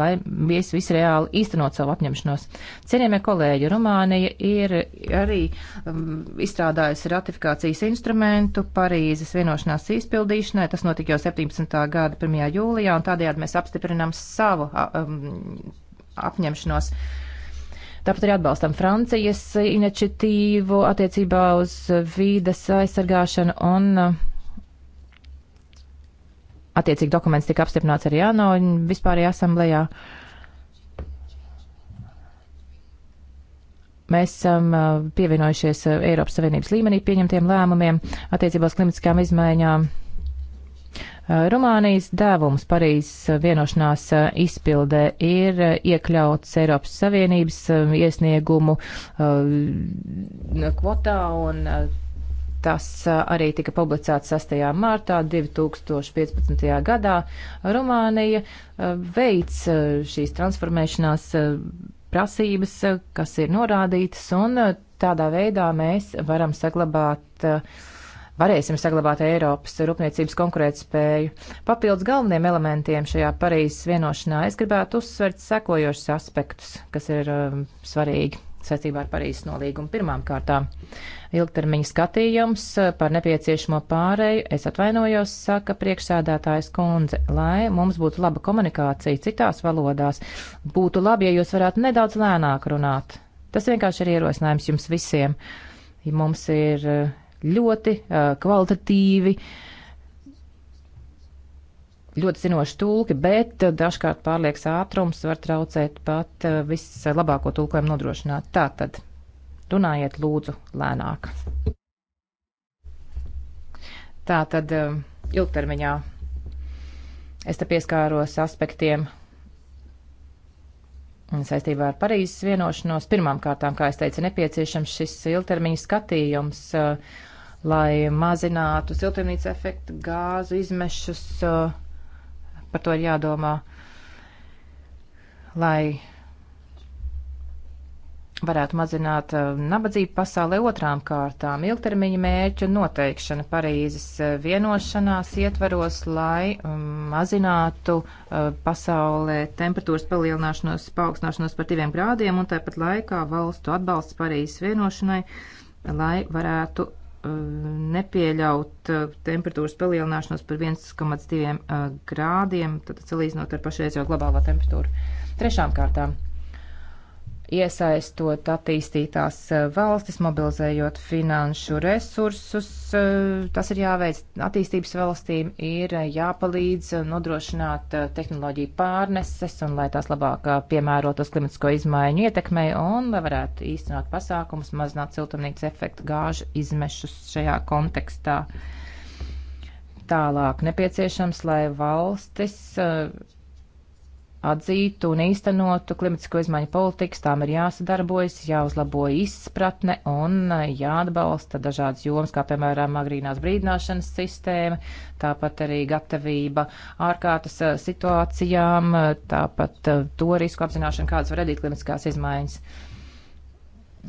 lai mēs visi reāli īstenot savu apņemšanos. Cienījamie kolēģi, Rumānija ir arī um, izstrādājusi ratifikācijas instrumentu Parīzes vienošanās izpildīšanai. Tas notika jau 17. gada 1. jūlijā un tādējādi mēs apstiprinām savu um, apņemšanos. Uh, Tāpat arī atbalstam Francijas iniciatīvu attiecībā uz vīdas aizsargāšanu un uh, attiecīgi dokuments tika apstiprināts arī ANO vispārējā asamblējā. Mēs esam uh, pievienojušies uh, Eiropas Savienības līmenī pieņemtiem lēmumiem attiecībā uz klimatiskām izmaiņām. Rumānijas dēvums Parīzes vienošanās eh, izpildē ir eh, iekļauts Eiropas Savienības eh, iesniegumu kvotā un tas arī tika publicēts 6. martā 2015. gadā. Rumānija veic šīs transformēšanās prasības, kas ir norādītas un tādā veidā mēs varam saglabāt uh, varēsim saglabāt Eiropas rūpniecības konkurētspēju. Papildus galveniem elementiem šajā Parīzes vienošanā es gribētu uzsvert sekojošus aspektus, kas ir um, svarīgi saistībā ar Parīzes nolīgumu. Pirmām kārtām ilgtermiņa skatījums uh, par nepieciešamo pārēju. Es atvainojos, saka priekšsēdētājs kundze, lai mums būtu laba komunikācija citās valodās. Būtu labi, ja jūs varētu nedaudz lēnāk runāt. Tas vienkārši ir ierosinājums jums visiem. Ja mums ir uh, ļoti uh, kvalitatīvi, ļoti zinoši tulki, bet uh, dažkārt pārlieks ātrums var traucēt pat uh, vislabāko tulkojumu nodrošināt. Tātad runājiet lūdzu lēnāk. Tātad um, ilgtermiņā es te pieskāros aspektiem saistībā ar Parīzes vienošanos. Pirmām kārtām, kā es teicu, nepieciešams šis ilgtermiņa skatījums. Uh, lai mazinātu siltumnīca efektu, gāzu izmešus. Eh, par to ir jādomā, lai varētu mazināt eh, nabadzību pasaulē otrām kārtām. Ilgtermiņa mērķu noteikšana Parīzes eh, vienošanās ietvaros, lai mm, mazinātu pasaulē temperatūras palielināšanos, paaugstināšanos par diviem grādiem un tāpat laikā valstu atbalsts Parīzes vienošanai, lai varētu nepieļaut eh, temperatūras palielināšanos par 1,2 eh, grādiem, tad salīdzinot ar pašreizējo globālo temperatūru. Trešām kārtām iesaistot attīstītās eh, valstis, mobilizējot finanšu resursus. Eh, tas ir jāveic attīstības valstīm, ir eh, jāpalīdz nodrošināt tehnoloģiju pārneses un lai tās labāk piemērotos klimatisko izmaiņu ietekmei un lai varētu īstenot pasākumus, mazināt siltumnīca efektu gāžu izmešus šajā kontekstā. Tālāk nepieciešams, lai valstis atzītu un īstenotu klimatisko izmaiņu politikas, tām ir jāsadarbojas, jāuzlabo izpratne un eh, jāatbalsta dažādas jomas, kā piemēram agrīnās brīdināšanas sistēma, tāpat arī gatavība ārkārtas eh, situācijām, eh, tāpat to risku apzināšana, kādas var radīt klimatiskās izmaiņas.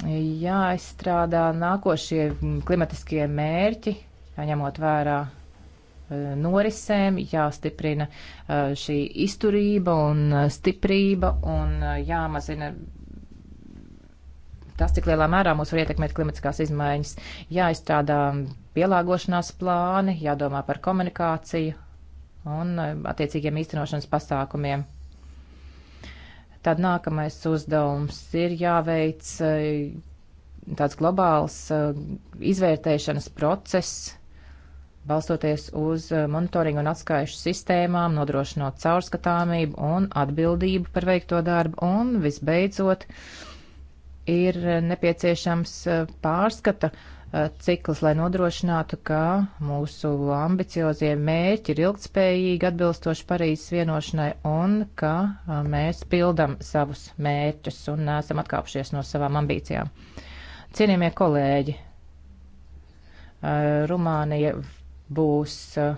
Jāizstrādā nākošie mm, klimatiskie mērķi, ņemot vērā norisēm, jāstiprina eh, šī izturība un eh, stiprība un eh, jāmazina tas, cik lielā mērā mūs var ietekmēt klimatiskās izmaiņas. Jāizstrādā pielāgošanās plāni, jādomā par komunikāciju un attiecīgiem īstenošanas pasākumiem. Tad nākamais uzdevums ir jāveic tāds globāls izvērtēšanas process balstoties uz eh, monitoringu un atskaišu sistēmām, nodrošinot caurskatāmību un atbildību par veikto darbu, un visbeidzot ir nepieciešams eh, pārskata eh, cikls, lai nodrošinātu, ka mūsu ambiciozie mērķi ir ilgtspējīgi atbilstoši Parīzes vienošanai un ka mēs pildam savus mērķus un neesam atkāpšies no savām ambīcijām. Cienījamie kolēģi, Rumānija būs uh,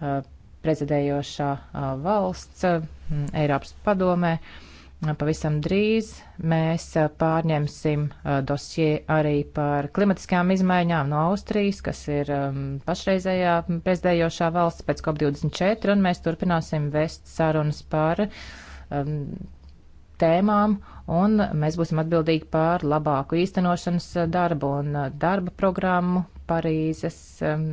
uh, prezidējošā uh, valsts Eiropas padomē. Pavisam drīz mēs pārņemsim dosie arī par klimatiskām izmaiņām no Austrijas, kas ir um, pašreizējā prezidējošā valsts pēc COP24, un mēs turpināsim vest sarunas par um, tēmām, un mēs būsim atbildīgi pār labāku īstenošanas darbu un darba programmu Parīzes um,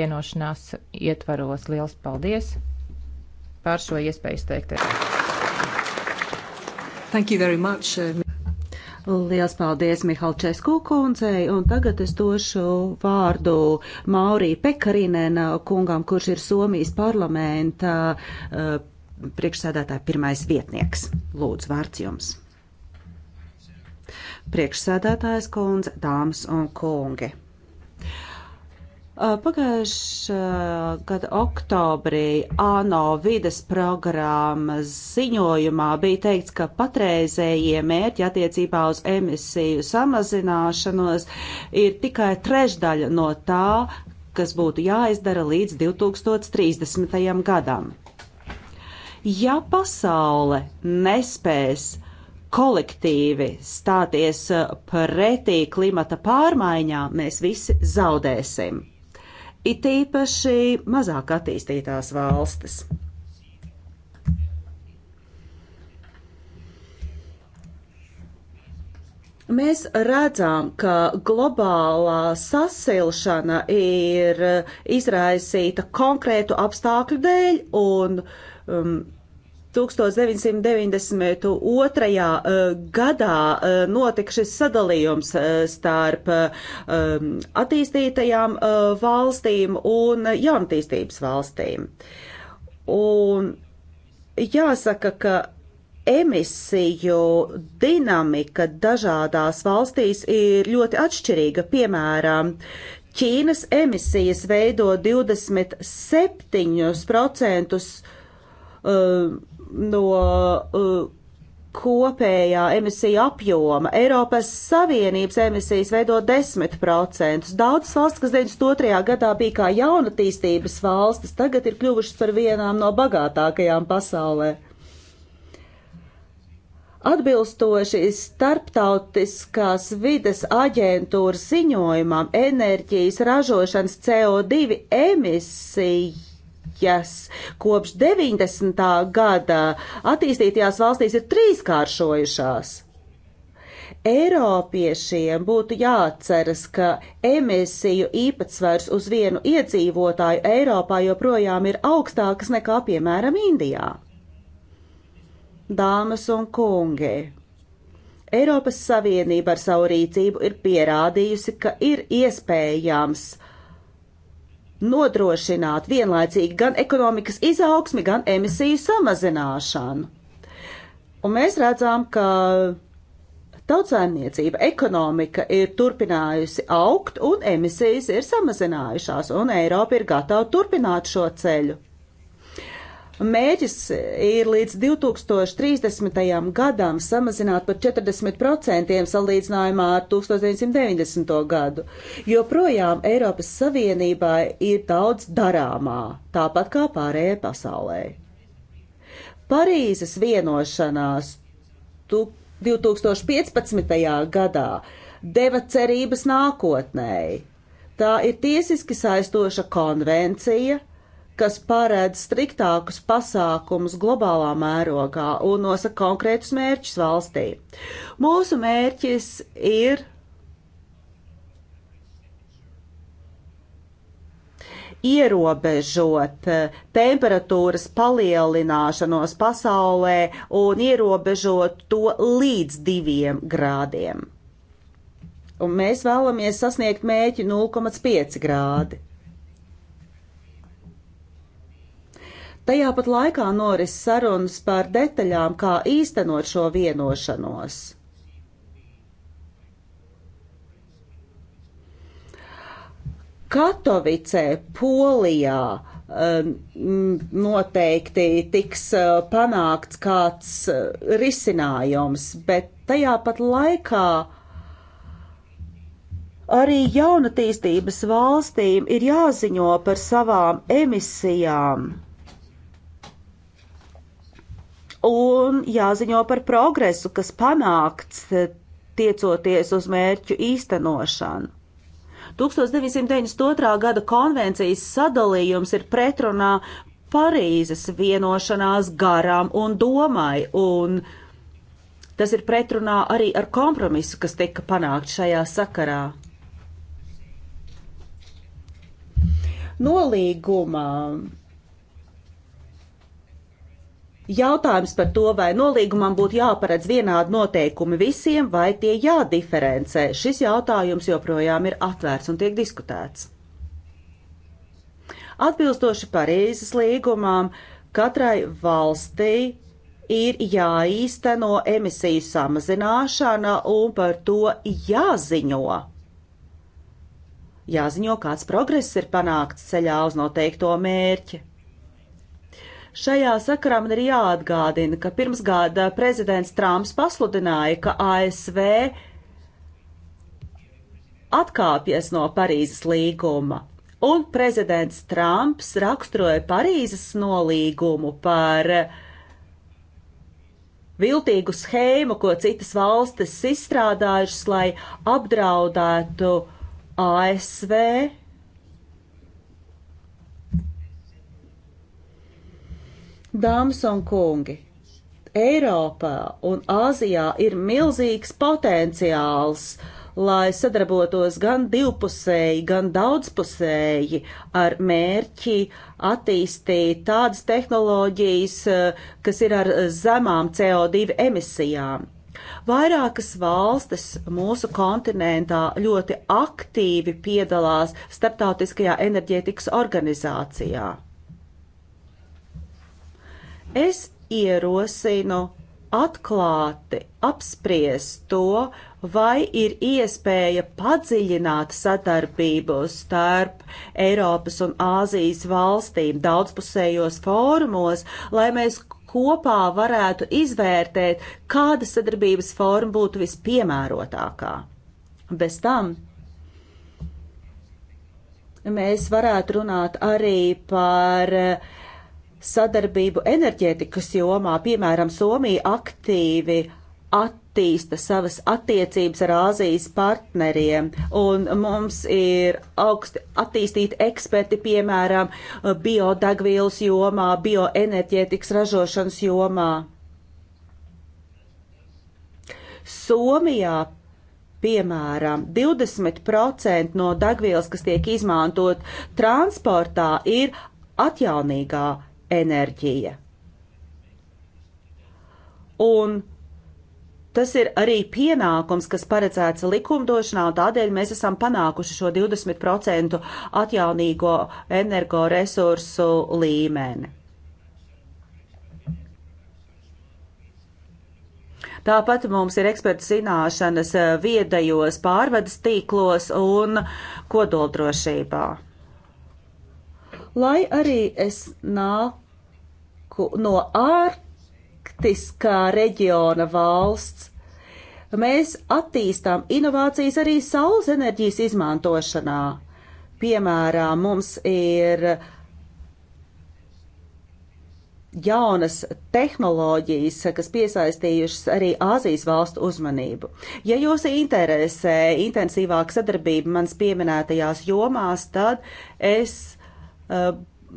vienošanās ietvaros. Liels paldies par šo iespēju izteikties. Uh, Lielas paldies Mihal Česku kundzei, un tagad es došu vārdu Maurī Pekarinena kungam, kurš ir Somijas parlamenta uh, priekšsēdētāja pirmais vietnieks. Lūdzu, vārds jums. Priekšsēdētājs kundze, dāmas un kungi. Pagājušā gada oktobrī ANO vides programmas ziņojumā bija teikts, ka patreizējie mērķi attiecībā uz emisiju samazināšanos ir tikai trešdaļa no tā, kas būtu jāizdara līdz 2030. gadam. Ja pasaule nespēs kolektīvi stāties pretī klimata pārmaiņām, mēs visi zaudēsim it īpaši mazāk attīstītās valstis. Mēs redzam, ka globālā sasilšana ir izraisīta konkrētu apstākļu dēļ, un um, 1992. E, gadā e, notika šis sadalījums e, starp attīstītajām valstīm un jaunatīstības valstīm. Un jāsaka, ka emisiju dinamika dažādās valstīs ir ļoti atšķirīga. Piemēram, Ķīnas emisijas veido 27% um, no uh, kopējā emisija apjoma. Eiropas Savienības emisijas veido 10%. Daudzas valsts, kas 92. gadā bija kā jaunatīstības valstis, tagad ir kļuvušas par vienām no bagātākajām pasaulē. Atbilstoši starptautiskās vides aģentūras ziņojumam, enerģijas ražošanas CO2 emisija jas. Kopš 90. gada attīstītajās valstīs ir trīskāršojušās. Eiropiešiem būtu jāatceras, ka emisiju īpatsvars uz vienu iedzīvotāju Eiropā joprojām ir augstāks nekā, piemēram, Indijā. Dāmas un kungi, Eiropas Savienība ar savu rīcību ir pierādījusi, ka ir iespējams uh, nodrošināt vienlaicīgi gan ekonomikas izaugsmi, gan emisiju samazināšanu. Un mēs redzam, ka Tautsēmniecība, ekonomika ir turpinājusi augt un emisijas ir samazinājušās, un Eiropa ir gatava turpināt šo ceļu. Mēģis ir līdz 2030. gadam samazināt par 40% salīdzinājumā ar 1990. gadu. Joprojām Eiropas Savienībā ir daudz darāmā, tāpat kā pārējai pasaulē. Parīzes vienošanās 2015. gadā deva cerības nākotnēji. Tā ir tiesiski saistoša konvencija, kas paredz striktākus pasākumus globālā mērogā un nosaka konkrētus mērķus valstī. Mūsu mērķis ir ierobežot eh, temperatūras palielināšanos pasaulē un ierobežot to līdz diviem grādiem. Un mēs vēlamies sasniegt mēķi 0,5 grādi. Tajā pat laikā noris sarunas par detaļām, kā īstenot šo vienošanos. Katovicē, Polijā eh, noteikti tiks eh, panākts kāds eh, risinājums, bet tajā pat laikā arī jaunatīstības valstīm ir jāziņo par savām emisijām un jāziņo par progresu, kas panākts eh, tiecoties uz mērķu īstenošanu. 1992. gada konvencijas sadalījums ir pretrunā Parīzes vienošanās garām un domai, un tas ir pretrunā arī ar kompromisu, kas tika panākt šajā sakarā. Nolīgumā Jautājums par to, vai nolīgumam būtu jāparedz vienādi noteikumi visiem, vai tie jādiferencē, šis jautājums joprojām ir atvērts un tiek diskutēts. Atbilstoši Parīzes līgumām, katrai valstī ir jāīsteno emisiju samazināšana un par to jāziņo. Jāziņo, kāds progress ir panākts ceļā uz noteikto mērķi. Šajā sakarā man ir jāatgādina, ka pirms gada prezidents Trumps pasludināja, ka ASV atkāpjas no Parīzes līguma. Un prezidents Trumps raksturoja Parīzes nolīgumu par viltīgu schēmu, ko citas valstis izstrādājušas, lai apdraudētu ASV Dāmas un kungi, Eiropā un Āzijā ir milzīgs potenciāls, lai sadarbotos gan divpusēji, gan daudzpusēji ar mērķi attīstīt tādas tehnoloģijas, kas ir ar zemām CO2 emisijām. Vairākas valstis mūsu kontinentā ļoti aktīvi piedalās starptautiskajā enerģētikas organizācijā. Es ierosinu atklāti apspriest to, vai ir iespēja padziļināt sadarbību starp Eiropas un Āzijas valstīm daudzpusējos fórumos, lai mēs kopā varētu izvērtēt, kāda sadarbības forma būtu vispiemērotākā. Bez tam mēs varētu runāt arī par uh, sadarbību enerģētikas jomā, piemēram, Somija aktīvi attīsta savas attiecības ar Āzijas partneriem, un mums ir augsti attīstīti eksperti, piemēram, biodegvielas jomā, bioenerģētikas ražošanas jomā. Somijā, piemēram, 20% no degvielas, kas tiek izmantot transportā, ir atjaunīgā enerģija. Un tas ir arī pienākums, kas paredzēts likumdošanā, un tādēļ mēs esam panākuši šo 20% atjaunīgo energoresursu līmeni. Tāpat mums ir eksperta zināšanas viedajos pārvades tīklos un kodoldrošībā. Lai arī es nāku no ārktiskā reģiona valsts, mēs attīstām inovācijas arī saules enerģijas izmantošanā. Piemēram, mums ir jaunas tehnoloģijas, kas piesaistījušas arī Āzijas valstu uzmanību. Ja jūs interesē intensīvāka sadarbība manas pieminētajās jomās, tad es Eh,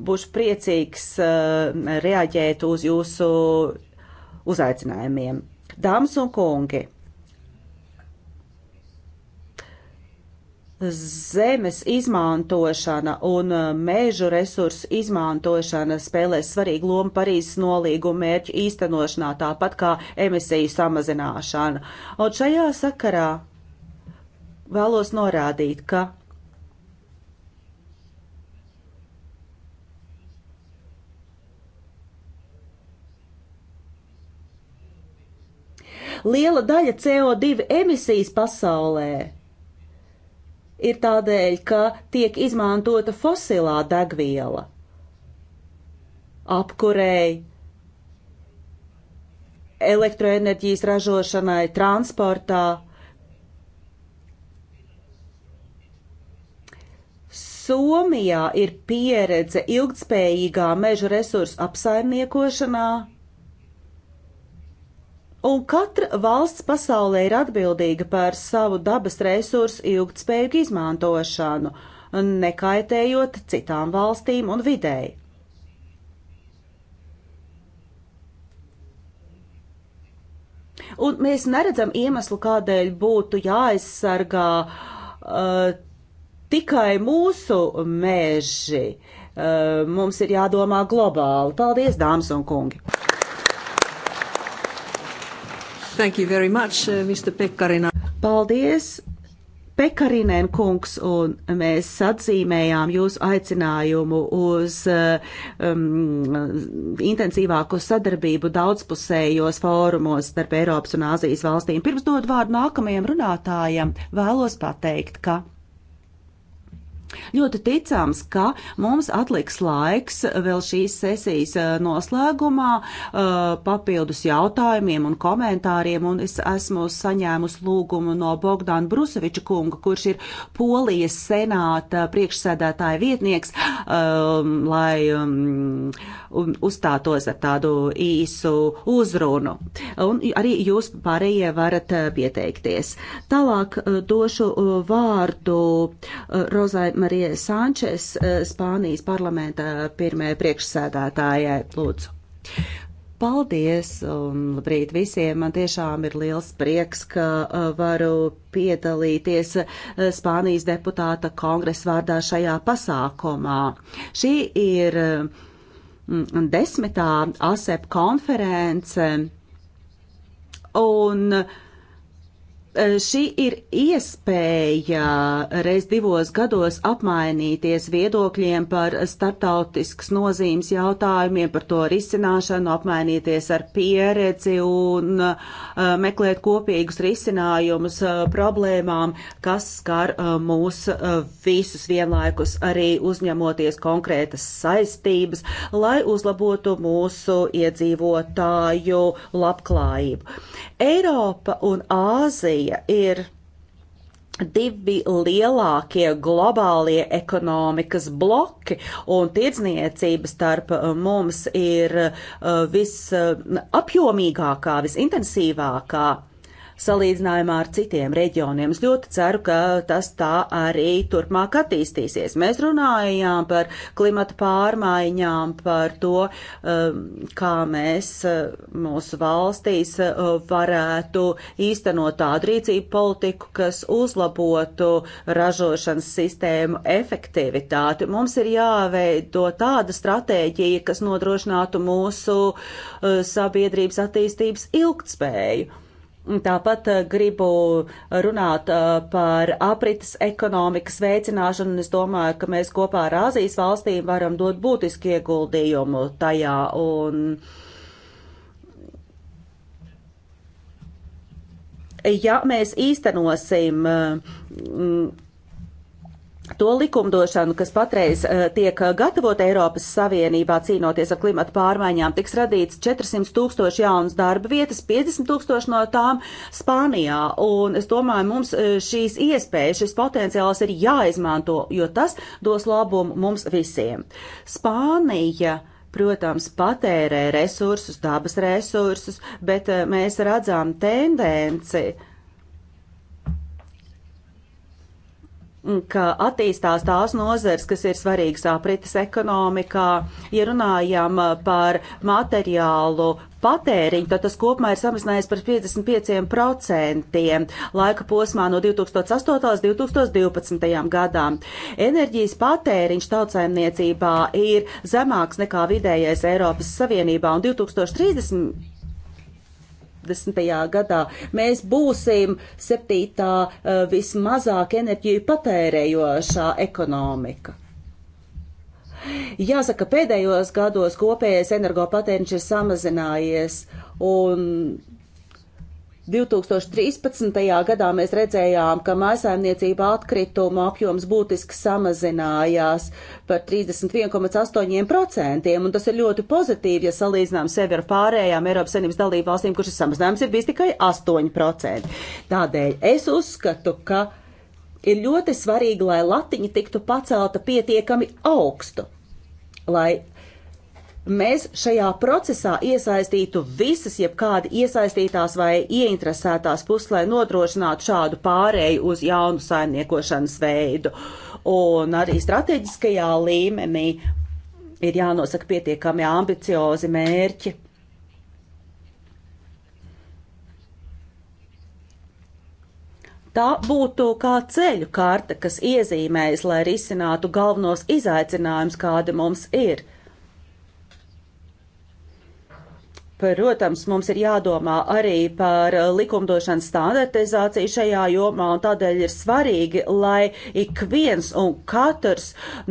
būšu priecīgs eh, reaģēt uz jūsu uzaicinājumiem. Dāmas un kungi! zemes izmantošana un eh, mežu resursu izmantošana spēlēs svarīgu lomu Parīzes nolīguma mērķu īstenošanā, tāpat kā emisiju samazināšana. Un šajā sakarā vēlos norādīt, ka liela daļa CO2 emisijas pasaulē ir tādēļ, ka tiek izmantota fosilā degviela apkurēji, elektroenerģijas ražošanai, transportā. Somijā ir pieredze ilgtspējīgā meža resursu apsaimniekošanā Un katra valsts pasaulē ir atbildīga par savu dabas resursu ilgtspējīgu izmantošanu, nekaitējot citām valstīm un videi. Un mēs neredzam iemeslu, kādēļ būtu jāaizsargā uh, tikai mūsu meži. Uh, mums ir jādomā globāli. Paldies, dāmas un kungi! Thank you very much, uh, Mr. Pekkarina. Paldies, Pekarinēn kungs, un mēs atzīmējām jūsu aicinājumu uz uh, um, intensīvāku sadarbību daudzpusējos fórumos starp Eiropas un Āzijas valstīm. Pirms dod vārdu nākamajam runātājam, vēlos pateikt, ka Ļoti ticams, ka mums atliks laiks vēl šīs sesijas eh, noslēgumā eh, papildus jautājumiem un komentāriem, un es esmu saņēmusi lūgumu no Bogdāna Bruseviča kunga, kurš ir Polijas senāta priekšsēdētāja vietnieks, ehm, lai ehm, uzstātos ar tādu īsu uzrunu. Un arī jūs pārējie varat eh, pieteikties. Tālāk došu vārdu Rozai. Marijai Sančes, eh, Spānijas parlamenta eh, pirmajai priekšsēdētājai. Lūdzu. Paldies un labrīt visiem. Man tiešām ir liels prieks, ka eh, varu piedalīties Spānijas deputāta kongresa vārdā šajā pasākumā. Šī ir mm, desmitā ASEP konference. Un uh, Eh, šī ir iespēja reiz divos gados apmainīties viedokļiem par startautisks nozīmes jautājumiem, par to risināšanu, apmainīties ar pieredzi un eh, meklēt kopīgus risinājumus eh, problēmām, kas skar mūs visus vienlaikus arī uzņemoties konkrētas saistības, lai uzlabotu mūsu iedzīvotāju labklājību. Eiropa un Āzija ir divi lielākie globālie ekonomikas bloki, un tirdzniecība starp uh, mums ir uh, visapjomīgākā, visintensīvākā salīdzinājumā ar citiem reģioniem. Es ļoti ceru, ka tas tā arī turpmāk attīstīsies. Mēs runājām par klimata pārmaiņām, par to, um, kā mēs uh, mūsu valstīs uh, varētu īstenot tādu rīcību politiku, kas uzlabotu ražošanas sistēmu efektivitāti. Mums ir jāveido tāda stratēģija, kas nodrošinātu mūsu uh, sabiedrības attīstības ilgtspēju. Tāpat eh, gribu runāt eh, par aprites ekonomikas veicināšanu, un es domāju, ka mēs kopā ar Āzijas valstīm varam dot būtisku ieguldījumu tajā. Un ja mēs īstenosim eh, to likumdošanu, kas patreiz eh, tiek eh, gatavot Eiropas Savienībā cīnoties ar klimatu pārmaiņām, tiks radīts 400 tūkstoši jaunas darba vietas, 50 tūkstoši no tām Spānijā. Un es domāju, mums eh, šīs iespējas, šis potenciāls ir jāizmanto, jo tas dos labumu mums visiem. Spānija protams, patērē resursus, dabas resursus, bet mēs redzam tendenci ka attīstās tās nozars, kas ir svarīgas aprites ekonomikā. Ja runājam uh, par materiālu patēriņu, tad tas kopumā ir samazinājies par 55% laika posmā no 2008. līdz 2012. gadām. Enerģijas patēriņš tautsājumniecībā ir zemāks nekā vidējais Eiropas Savienībā un 2030 2050. gadā. Mēs būsim septītā eh, vismazāk enerģiju patērējošā ekonomika. Jāsaka, pēdējos gados kopējais energopatēriņš ir samazinājies, un 2013. gadā mēs redzējām, ka mājasēmniecība atkritumu apjoms būtiski samazinājās par 31,8%, un tas ir ļoti pozitīvi, ja salīdzinām sevi ar pārējām Eiropas Savienības dalību valstīm, kuras samazinājums ir bijis tikai 8%. Tādēļ es uzskatu, ka ir ļoti svarīgi, lai latiņa tiktu pacelta pietiekami augstu, lai mēs šajā procesā iesaistītu visas, jebkādi iesaistītās vai ieinteresētās puses, lai nodrošinātu šādu pārēju uz jaunu saimniekošanas veidu. Un arī strateģiskajā līmenī ir jānosaka pietiekami ambiciozi mērķi. Tā būtu kā ceļu karte, kas iezīmējas, lai risinātu galvenos izaicinājumus, kādi mums ir – Protams, mums ir jādomā arī par likumdošanas standartizāciju šajā jomā, un tādēļ ir svarīgi, lai ik viens un katrs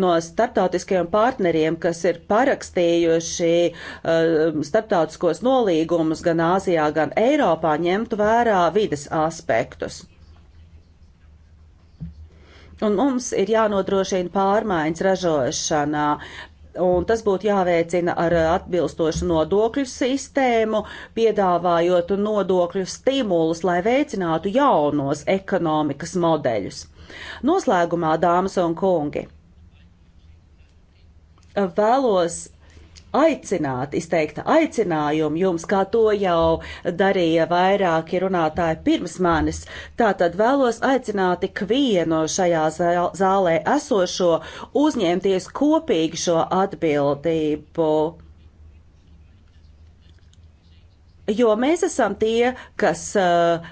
no starptautiskajiem partneriem, kas ir parakstījuši uh, starptautiskos nolīgumus gan Āzijā, gan Eiropā, ņemtu vērā vides aspektus. Un mums ir jānodrošina pārmaiņas ražošanā un tas būtu jāveicina ar atbilstošu nodokļu sistēmu, piedāvājot nodokļu stimulus, lai veicinātu jaunos ekonomikas modeļus. Noslēgumā, dāmas un kungi, vēlos aicināt, izteikt aicinājumu jums, kā to jau darīja vairāki runātāji pirms manis. Tātad vēlos aicināt ikvienu šajā zālē esošo uzņemties kopīgi šo atbildību. jo mēs esam tie, kas uh,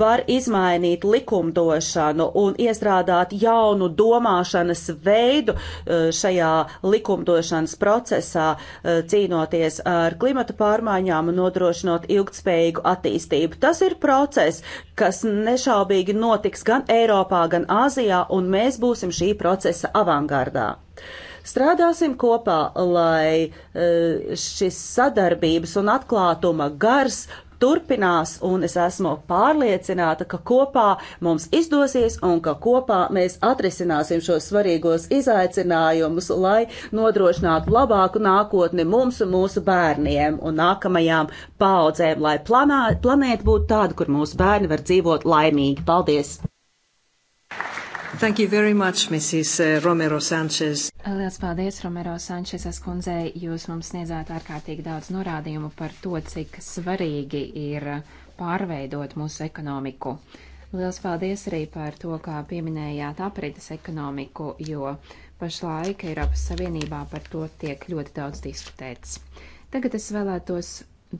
var izmainīt likumdošanu un iestrādāt jaunu domāšanas veidu uh, šajā likumdošanas procesā, uh, cīnoties ar klimata pārmaiņām un nodrošinot ilgtspējīgu attīstību. Tas ir process, kas nešaubīgi notiks gan Eiropā, gan Āzijā, un mēs būsim šī procesa avangardā. Yeah. Strādāsim kopā, lai eh, šis sadarbības un atklātuma gars turpinās, un es esmu pārliecināta, ka kopā mums izdosies un ka kopā mēs atrisināsim šos svarīgos izaicinājumus, lai nodrošinātu labāku nākotni mums un mūsu bērniem un nākamajām paudzēm, lai planā, planēta būtu tāda, kur mūsu bērni var dzīvot laimīgi. Paldies! Thank you. Thank you very much, Mrs. Uh, Romero Sanchez. Lielas paldies, Romero Sančesas kundzei. Jūs mums sniedzāt ārkārtīgi daudz norādījumu par to, cik svarīgi ir pārveidot mūsu ekonomiku. Lielas paldies arī par to, kā pieminējāt aprites ekonomiku, jo pašlaik Eiropas Savienībā par to tiek ļoti daudz diskutēts. Tagad es vēlētos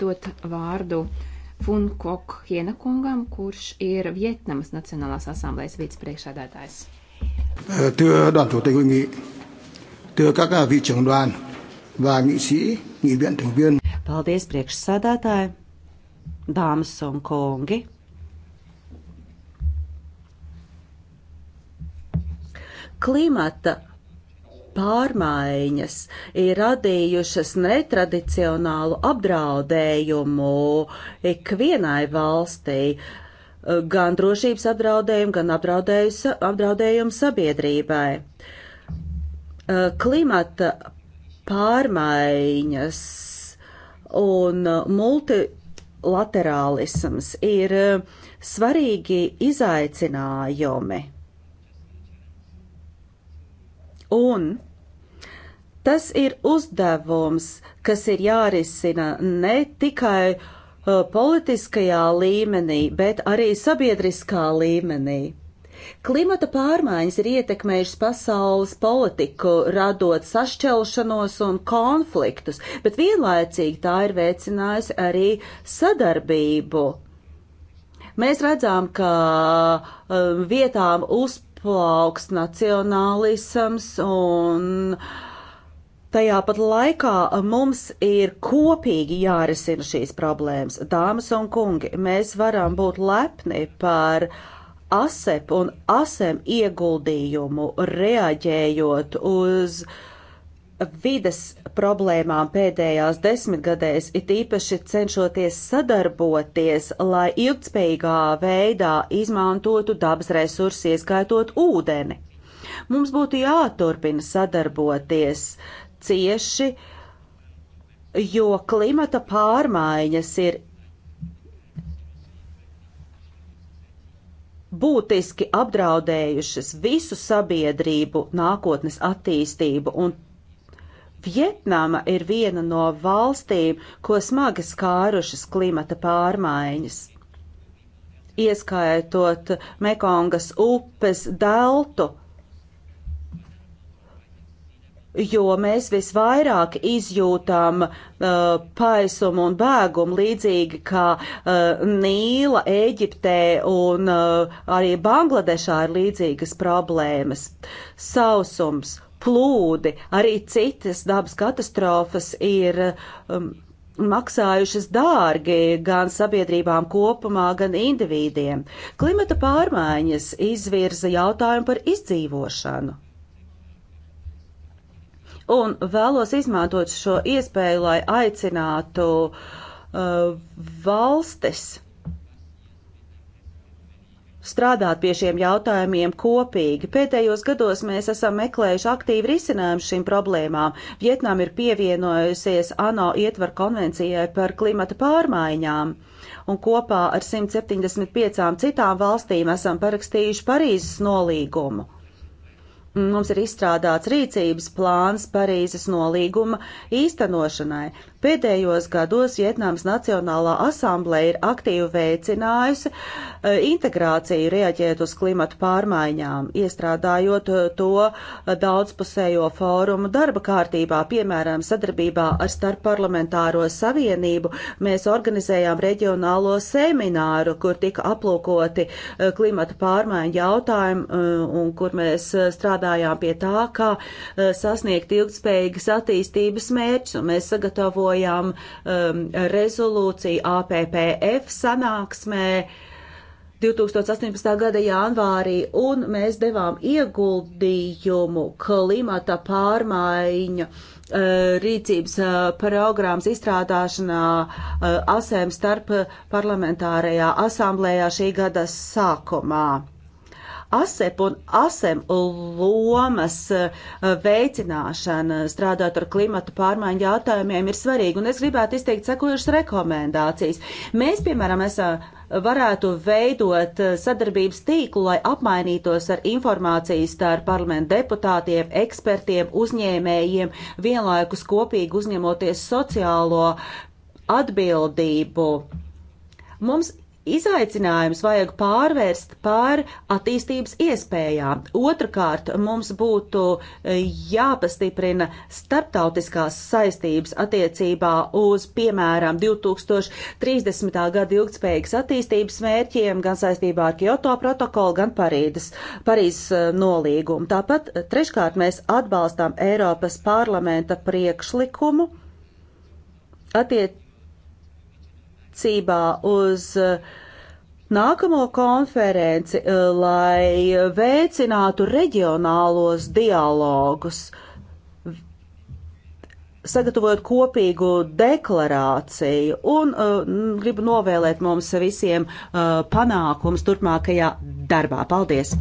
dot vārdu uh, Fun Kok Hiena kungam, kurš ir Vietnamas Nacionālās asamblējas vicepriekšādātājs. Thưa đoàn chủ tịch hội nghị, thưa các vị trưởng đoàn và nghị sĩ, nghị viện thành viên. Paldies priekšsādātāji, dāmas un kungi. Klimata pārmaiņas ir radījušas netradicionālu apdraudējumu ikvienai valstī gan drošības apdraudējumu, gan apdraudējumu sabiedrībai. Klimata pārmaiņas un multilaterālisms ir svarīgi izaicinājumi. Un tas ir uzdevums, kas ir jārisina ne tikai uh, politiskajā līmenī, bet arī sabiedriskā līmenī. Klimata pārmaiņas ir ietekmējušas pasaules politiku, radot sašķelšanos un konfliktus, bet vienlaicīgi tā ir veicinājusi arī sadarbību. Mēs redzam, ka um, vietām uz plauks nacionālisms un tajā pat laikā mums ir kopīgi jārisina šīs problēmas. Dāmas un kungi, mēs varam būt lepni par ASEP un ASEM ieguldījumu reaģējot uz vides problēmām pēdējās desmitgadēs, it īpaši cenšoties sadarboties, lai ilgspējīgā veidā izmantotu dabas resursi, ieskaitot ūdeni. Mums būtu jāturpina sadarboties cieši, jo klimata pārmaiņas ir būtiski apdraudējušas visu sabiedrību nākotnes attīstību, un Vietnama ir viena no valstīm, ko smagi skārušas klimata pārmaiņas, ieskaitot Mekongas upes deltu, jo mēs visvairāk izjūtam uh, paisumu un bēgumu līdzīgi kā uh, Nīla Ēģiptē un uh, arī Bangladešā ir līdzīgas problēmas. Sausums plūdi, arī citas dabas katastrofas ir um, maksājušas dārgi gan sabiedrībām kopumā, gan individiem. Klimata pārmaiņas izvirza jautājumu par izdzīvošanu un vēlos izmantot šo iespēju, lai aicinātu uh, valstis strādāt pie šiem jautājumiem kopīgi. Pēdējos gados mēs esam meklējuši aktīvu risinājumu šīm problēmām. Vietnam ir pievienojusies ANO ietvaru konvencijai par klimata pārmaiņām un kopā ar 175 citām valstīm esam parakstījuši Parīzes nolīgumu. Mums ir izstrādāts rīcības plāns Parīzes nolīguma īstenošanai. Pēdējos gados Vietnams Nacionālā asambleja ir aktīvi veicinājusi e, integrāciju reaģēt uz klimatu pārmaiņām, iestrādājot e, to daudzpusējo fórumu darba kārtībā, piemēram, sadarbībā ar Starpparlamentāro savienību. Mēs organizējām reģionālo semināru, kur tika aplūkoti e, klimata pārmaiņu jautājumi un kur mēs strādājām pie tā, kā sasniegt ilgspējīgas attīstības mērķus. Un mēs sagatavojām gatavojam um, rezolūciju APPF sanāksmē 2018. gada janvārī, un mēs devām ieguldījumu klimata pārmaiņu uh, rīcības uh, programmas izstrādāšanā uh, asēm starp parlamentārajā asamblējā šī gada sākumā. ASEP un ASEM lomas eh, veicināšana strādāt ar klimatu pārmaiņu jautājumiem ir svarīga, un es gribētu izteikt sekojušas rekomendācijas. Mēs, piemēram, esam eh, varētu veidot eh, sadarbības tīklu, lai apmainītos ar informāciju starp parlamentu deputātiem, ekspertiem, uzņēmējiem, vienlaikus kopīgi uzņemoties sociālo atbildību. Mums izaicinājums vajag pārvērst par attīstības iespējām. Otrakārt, mums būtu e, jāpastiprina starptautiskās saistības attiecībā uz, piemēram, 2030. gada ilgtspējīgas attīstības mērķiem, gan saistībā ar Kyoto protokolu, gan Parīdas, Parīzes e, nolīgumu. Tāpat e, treškārt mēs atbalstām Eiropas parlamenta priekšlikumu attiecībā attiecībā uz uh, nākamo konferenci, uh, lai veicinātu reģionālos dialogus, sagatavojot kopīgu deklarāciju un uh, gribu novēlēt mums visiem uh, panākums turpmākajā darbā. Paldies!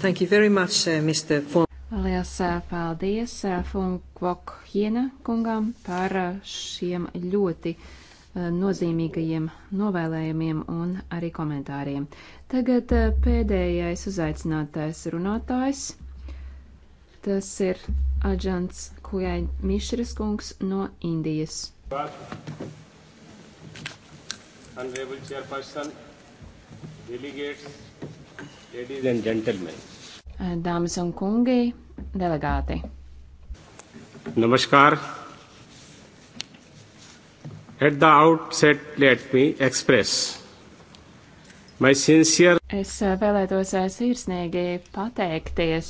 Thank you very much, uh, Mr. Fon Liels paldies Funkvok Hiena kungam par šiem ļoti nozīmīgajiem novēlējumiem un arī komentāriem. Tagad pēdējais uzaicinātais runātājs. Tas ir Aģants Kujai Mišras kungs no Indijas. Honorable Chairperson, delegates, ladies and gentlemen dāmas un kungi, delegāti. Namaskar. At the outset, let me express my sincere. Es vēlētos sirsnīgi pateikties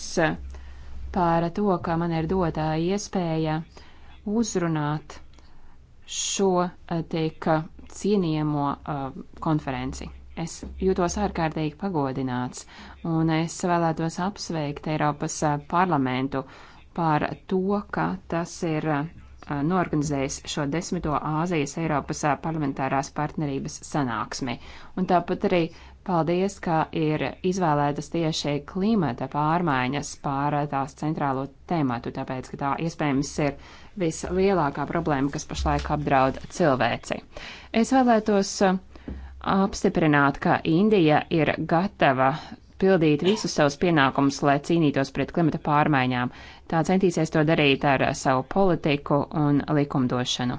par to, ka man ir dotā iespēja uzrunāt šo eh, tik cienījamo uh, konferenci. Es jūtos ārkārtīgi pagodināts, un es vēlētos apsveikt Eiropas parlamentu par to, ka tas ir norganizējis šo desmito Āzijas Eiropas parlamentārās partnerības sanāksmi. Un tāpat arī paldies, ka ir izvēlētas tieši klimata pārmaiņas pār tās centrālo tēmatu, tāpēc, ka tā iespējams ir vislielākā problēma, kas pašlaik apdraud cilvēci. Es vēlētos uh, apstiprināt, ka Indija ir gatava pildīt visus savus pienākumus, lai cīnītos pret klimata pārmaiņām. Tā centīsies to darīt ar savu politiku un likumdošanu.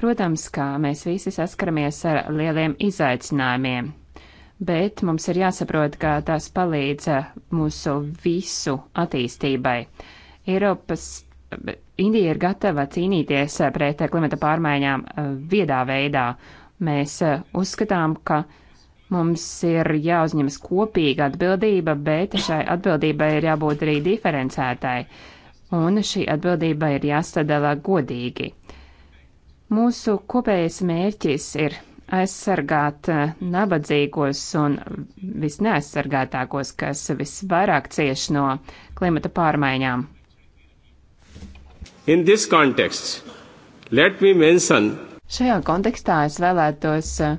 Protams, kā mēs visi saskaramies ar lieliem izaicinājumiem, bet mums ir jāsaprot, ka tās palīdz mūsu visu attīstībai. Eiropas Indija ir gatava cīnīties eh, pret eh, klimata pārmaiņām eh, viedā veidā. Mēs uzskatām, ka mums ir jāuzņemas kopīga atbildība, bet šai atbildībai ir jābūt arī diferencētai, un šī atbildība ir jāsadala godīgi. Mūsu kopējais mērķis ir aizsargāt nabadzīgos un visneaizsargātākos, kas visvairāk cieš no klimata pārmaiņām. In this context, let me mention. Šajā kontekstā es vēlētos uh,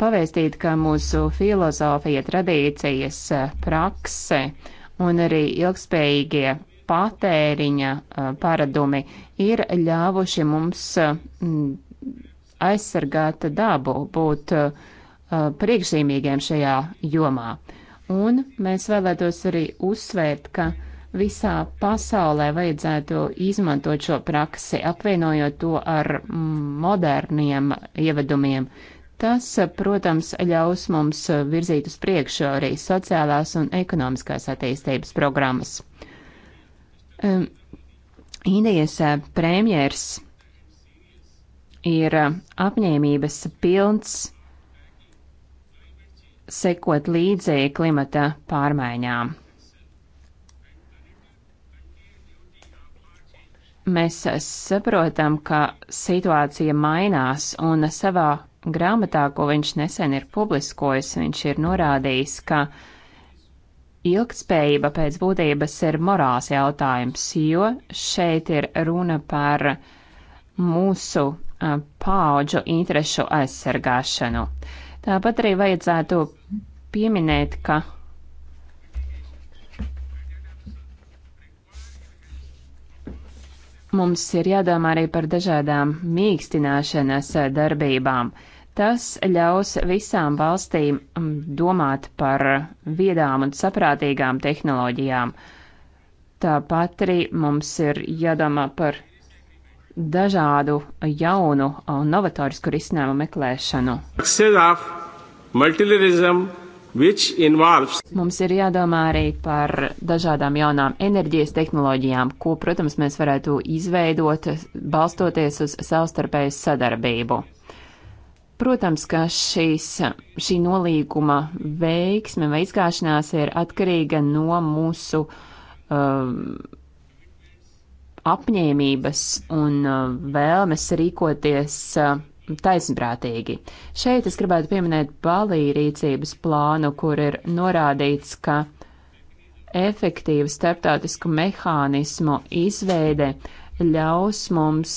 pavēstīt, ka mūsu filozofija, tradīcijas, uh, prakse un arī ilgspējīgie patēriņa uh, paradumi ir ļāvuši mums aizsargāt dabu, būt priekšzīmīgiem šajā jomā. Un mēs vēlētos arī uzsvērt, ka visā pasaulē vajadzētu izmantot šo praksi, apvienojot to ar moderniem ievedumiem. Tas, protams, ļaus mums virzīt uz priekšu arī sociālās un ekonomiskās attīstības programmas. Um, Indijas eh, premjers ir eh, apņēmības pilns sekot līdzi klimata pārmaiņām. Mēs saprotam, ka situācija mainās, un savā grāmatā, ko viņš nesen ir publiskojis, viņš ir norādījis, ka ilgtspējība pēc būtības ir morāls jautājums, jo šeit ir runa par mūsu paauģu interešu aizsargāšanu. Tāpat arī vajadzētu pieminēt, ka Mums ir jādomā arī par dažādām mīkstināšanas darbībām. Tas ļaus visām valstīm mm, domāt par viedām un saprātīgām tehnoloģijām. Tāpat arī mums ir jādomā par dažādu jaunu un novatorisku risinājumu meklēšanu. Sedaf, multilateralism, Involves... Mums ir jādomā arī par dažādām jaunām enerģijas tehnoloģijām, ko, protams, mēs varētu izveidot, balstoties uz savstarpēju sadarbību. Protams, ka šīs, šī nolīguma veiksme vai izgāšanās ir atkarīga no mūsu um, apņēmības un uh, vēlmes rīkoties uh, taisnprātīgi. Šeit es gribētu pieminēt Balī rīcības plānu, kur ir norādīts, ka efektīvu starptautisku mehānismu izveide ļaus mums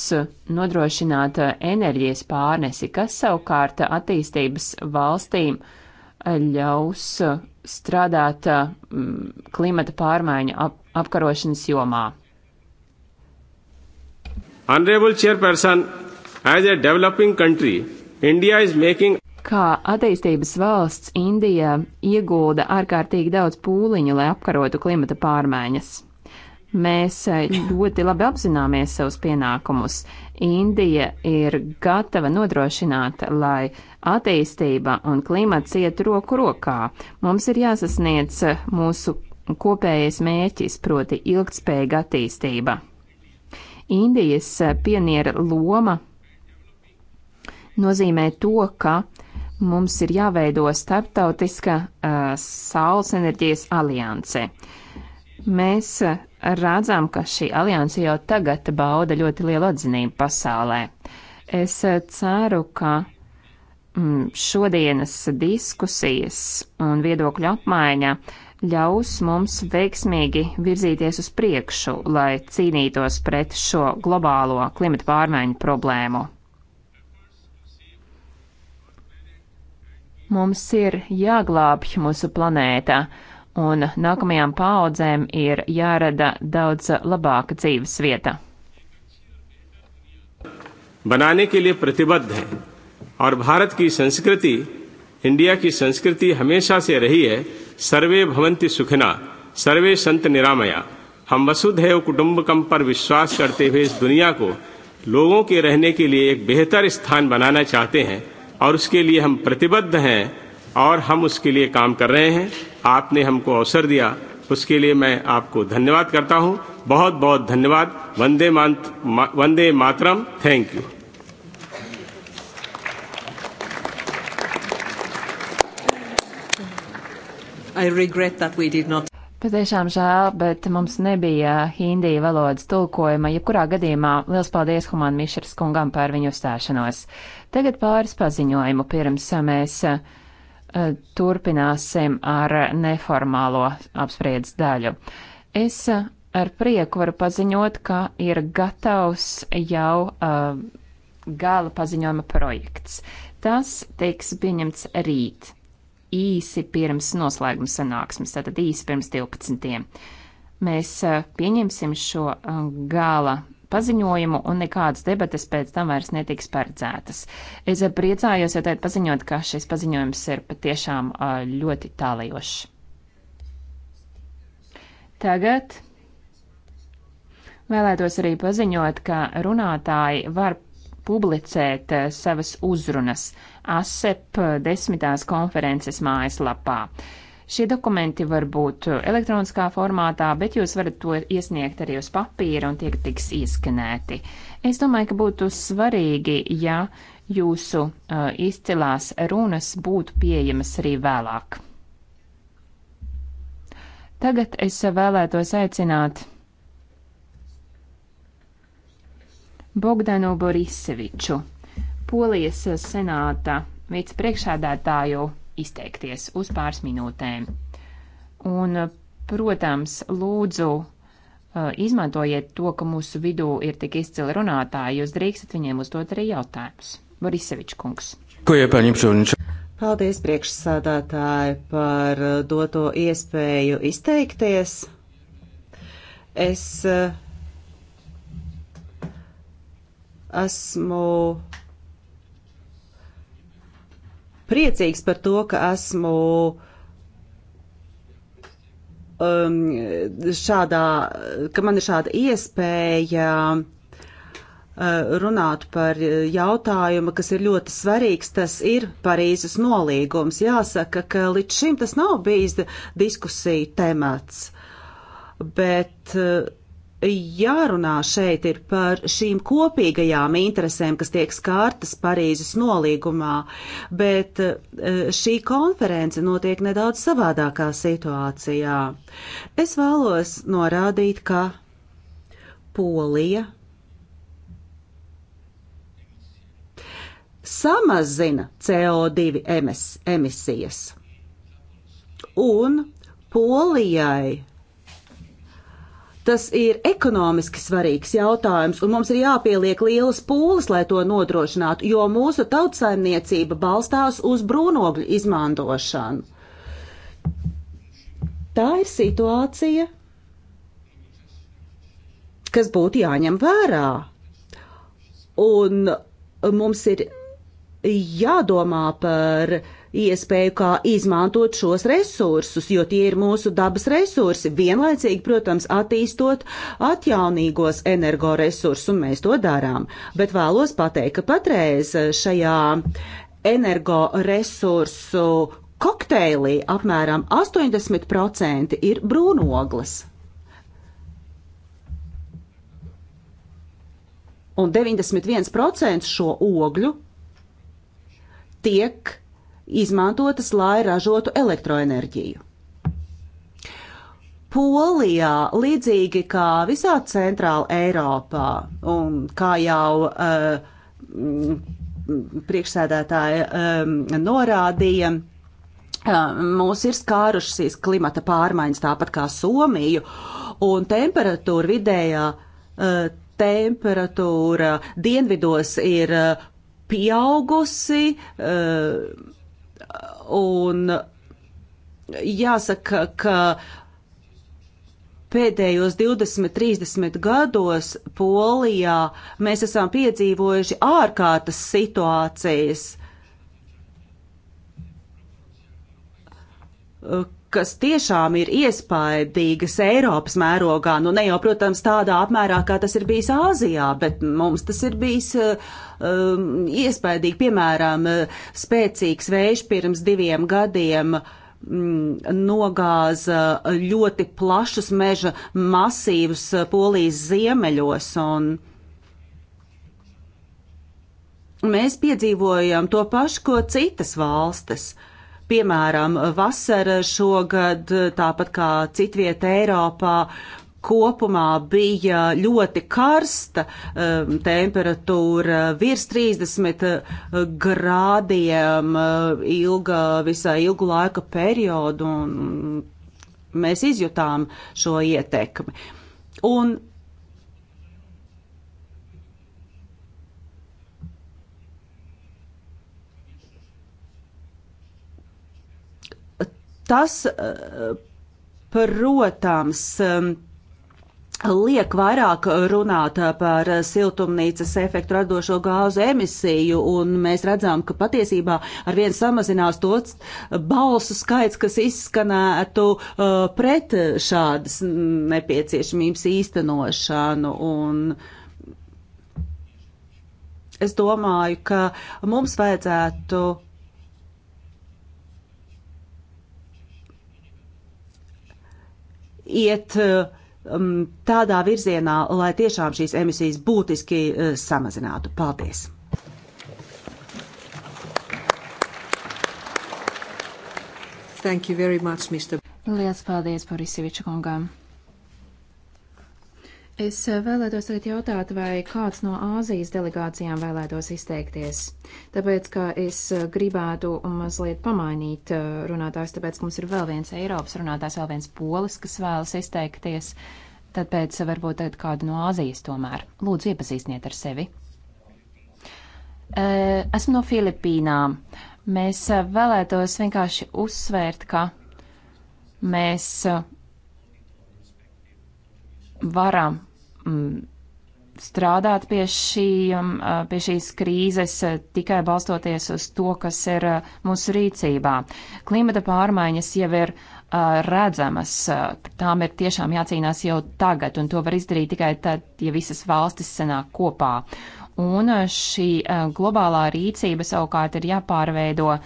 nodrošināt enerģijas pārnesi, kas savukārt attīstības valstīm ļaus strādāt mm, klimata pārmaiņu ap apkarošanas jomā. Honorable Chairperson, Making... Kā attīstības valsts Indija iegulda ārkārtīgi daudz pūliņu, lai apkarotu klimata pārmaiņas. Mēs eh, ļoti labi apzināmies savus pienākumus. Indija ir gatava nodrošināt, lai attīstība un klimats iet roku rokā. Mums ir jāsasniedz eh, mūsu kopējais mērķis, proti ilgtspējīga attīstība. Indijas eh, pioniera loma nozīmē to, ka mums ir jāveido starptautiska uh, saules enerģijas alianse. Mēs uh, redzam, ka šī alianse jau tagad bauda ļoti lielu atzinību pasaulē. Es uh, ceru, ka mm, šodienas diskusijas un viedokļu apmaiņa ļaus mums veiksmīgi virzīties uz priekšu, lai cīnītos pret šo globālo klimatu pārmaiņu problēmu. Mums ir jāglābj mūsu planēta, un nākamajām paaudzēm ir jārada daudz labāka dzīves vieta. बनाने के लिए प्रतिबद्ध है और भारत की संस्कृति इंडिया की संस्कृति हमेशा से रही है सर्वे भवंति सुखना सर्वे संत निरामया हम वसुधैव कुटुंबकम पर विश्वास करते हुए इस दुनिया को लोगों के रहने के लिए एक बेहतर स्थान बनाना चाहते हैं और उसके लिए हम प्रतिबद्ध हैं और हम उसके लिए काम कर रहे हैं आपने हमको अवसर दिया उसके लिए मैं आपको धन्यवाद करता हूँ बहुत बहुत धन्यवाद वंदे मात मा, Vande Mataram thank you I regret that we did not Patiešām žēl, bet mums nebija hindi valodas tulkojuma. Jebkurā gadījumā liels paldies Human Mišers kungam par viņu stāšanos. Tagad pāris paziņojumu pirms mēs eh, turpināsim ar neformālo apspriedes daļu. Es eh, ar prieku varu paziņot, ka ir gatavs jau uh, gala paziņojuma projekts. Tas tiks pieņemts rīt, īsi pirms noslēguma sanāksmes, tātad īsi pirms 12. Mēs uh, pieņemsim šo uh, gala paziņojumu un nekādas debates pēc tam vairs netiks paredzētas. Es priecājos, jo tagad paziņot, ka šis paziņojums ir patiešām ļoti tālajošs. Tagad vēlētos arī paziņot, ka runātāji var publicēt savas uzrunas ASEP desmitās konferences mājaslapā. lapā. Šie dokumenti var būt elektroniskā formātā, bet jūs varat to iesniegt arī uz papīra un tie tiks ieskanēti. Es domāju, ka būtu svarīgi, ja jūsu uh, izcilās runas būtu pieejamas arī vēlāk. Tagad es vēlētos aicināt Bogdanu Boriseviču, Polijas senāta vicepriekšādātāju izteikties uz pāris minūtēm. Un, protams, lūdzu, eh, izmantojiet to, ka mūsu vidū ir tik izcili runātāji, jūs drīkstat viņiem uzdot arī jautājumus. Borisevičs kungs. Ko iepaņem šodien? Paldies priekšsādātāji par eh, doto iespēju izteikties. Es eh, esmu priecīgs par to, ka esmu um, šādā, ka man ir šāda iespēja uh, runāt par jautājumu, kas ir ļoti svarīgs, tas ir Parīzes nolīgums. Jāsaka, ka līdz šim tas nav bijis diskusija temats, bet uh, jārunā šeit ir par šīm kopīgajām interesēm, kas tiek skārtas Parīzes nolīgumā, bet e, šī konference notiek nedaudz savādākā situācijā. Es vēlos norādīt, ka Polija samazina CO2 emisijas, un Polijai Tas ir ekonomiski svarīgs jautājums, un mums ir jāpieliek lielas pūles, lai to nodrošinātu, jo mūsu tautsaimniecība balstās uz brūnogļu izmantošanu. Tā ir situācija, kas būtu jāņem vērā. Un mums ir jādomā par uh, iespēju, kā izmantot šos resursus, jo tie ir mūsu dabas resursi, vienlaicīgi, protams, attīstot atjaunīgos energoresursus, un mēs to darām. Bet vēlos pateikt, ka patreiz eh, šajā energoresursu kokteilī apmēram 80% ir brūnoglas. Un 91% šo ogļu tiek izmantotas, lai ražotu elektroenerģiju. Polijā, līdzīgi kā visā centrāla Eiropā, un kā jau uh, priekšsēdētāja um, norādīja, eh, Mūs ir skārušas šīs klimata pārmaiņas, tāpat kā Somiju, un temperatūra vidējā temperatūra dienvidos ir pieaugusi, Un jāsaka, ka pēdējos 20, 30 gados Polijā mēs esam piedzīvojuši ārkārtas situācijas, kas tiešām ir iespaidīgas Eiropas mērogā, nu ne jau, protams, tādā apmērā, kā tas ir bijis Āzijā, bet mums tas ir bijis um, iespaidīgi, piemēram, spēcīgs vējš pirms diviem gadiem mm, nogāza ļoti plašus meža masīvus polijas ziemeļos, un mēs piedzīvojam to pašu, ko citas valstis. Uh, Piemēram, vasara šogad, tāpat kā citvieta Eiropā, kopumā bija ļoti karsta um, temperatūra, virs 30 grādiem, uh, ilga, visai ilgu laika periodu, un mēs izjutām šo ietekmi. Un Tas, eh, protams, eh, liek vairāk runāt par siltumnīcas efektu radošo gāzu emisiju, un mēs redzam, ka patiesībā ar vien samazinās to balsu skaits, kas izskanētu uh, pret šādas nepieciešamības īstenošanu. Un es domāju, ka mums vajadzētu iet eh, um, tādā virzienā, lai tiešām šīs emisijas būtiski uh, samazinātu. Paldies! Thank you very much, Mr. Lielas paldies Boriseviča kungām! Es vēlētos tagad jautāt, vai kāds no Āzijas delegācijām vēlētos izteikties. Tāpēc, ka es gribētu mazliet pamainīt uh, runātājs, tāpēc, ka mums ir vēl viens Eiropas runātājs, vēl viens polis, kas vēlas izteikties. Tāpēc varbūt tagad kādu no Āzijas tomēr. Lūdzu, iepazīstiniet ar sevi. Uh, esmu no Filipīnām. Mēs uh, vēlētos vienkārši uzsvērt, ka mēs varam mm, strādāt pie, šī, pie šīs krīzes tikai balstoties uz to, kas ir mūsu rīcībā. Klimata pārmaiņas jau ir redzamas, tām ir tiešām jācīnās jau tagad, un to var izdarīt tikai tad, ja visas valstis sanāk kopā. Un šī globālā rīcība savukārt ir jāpārveido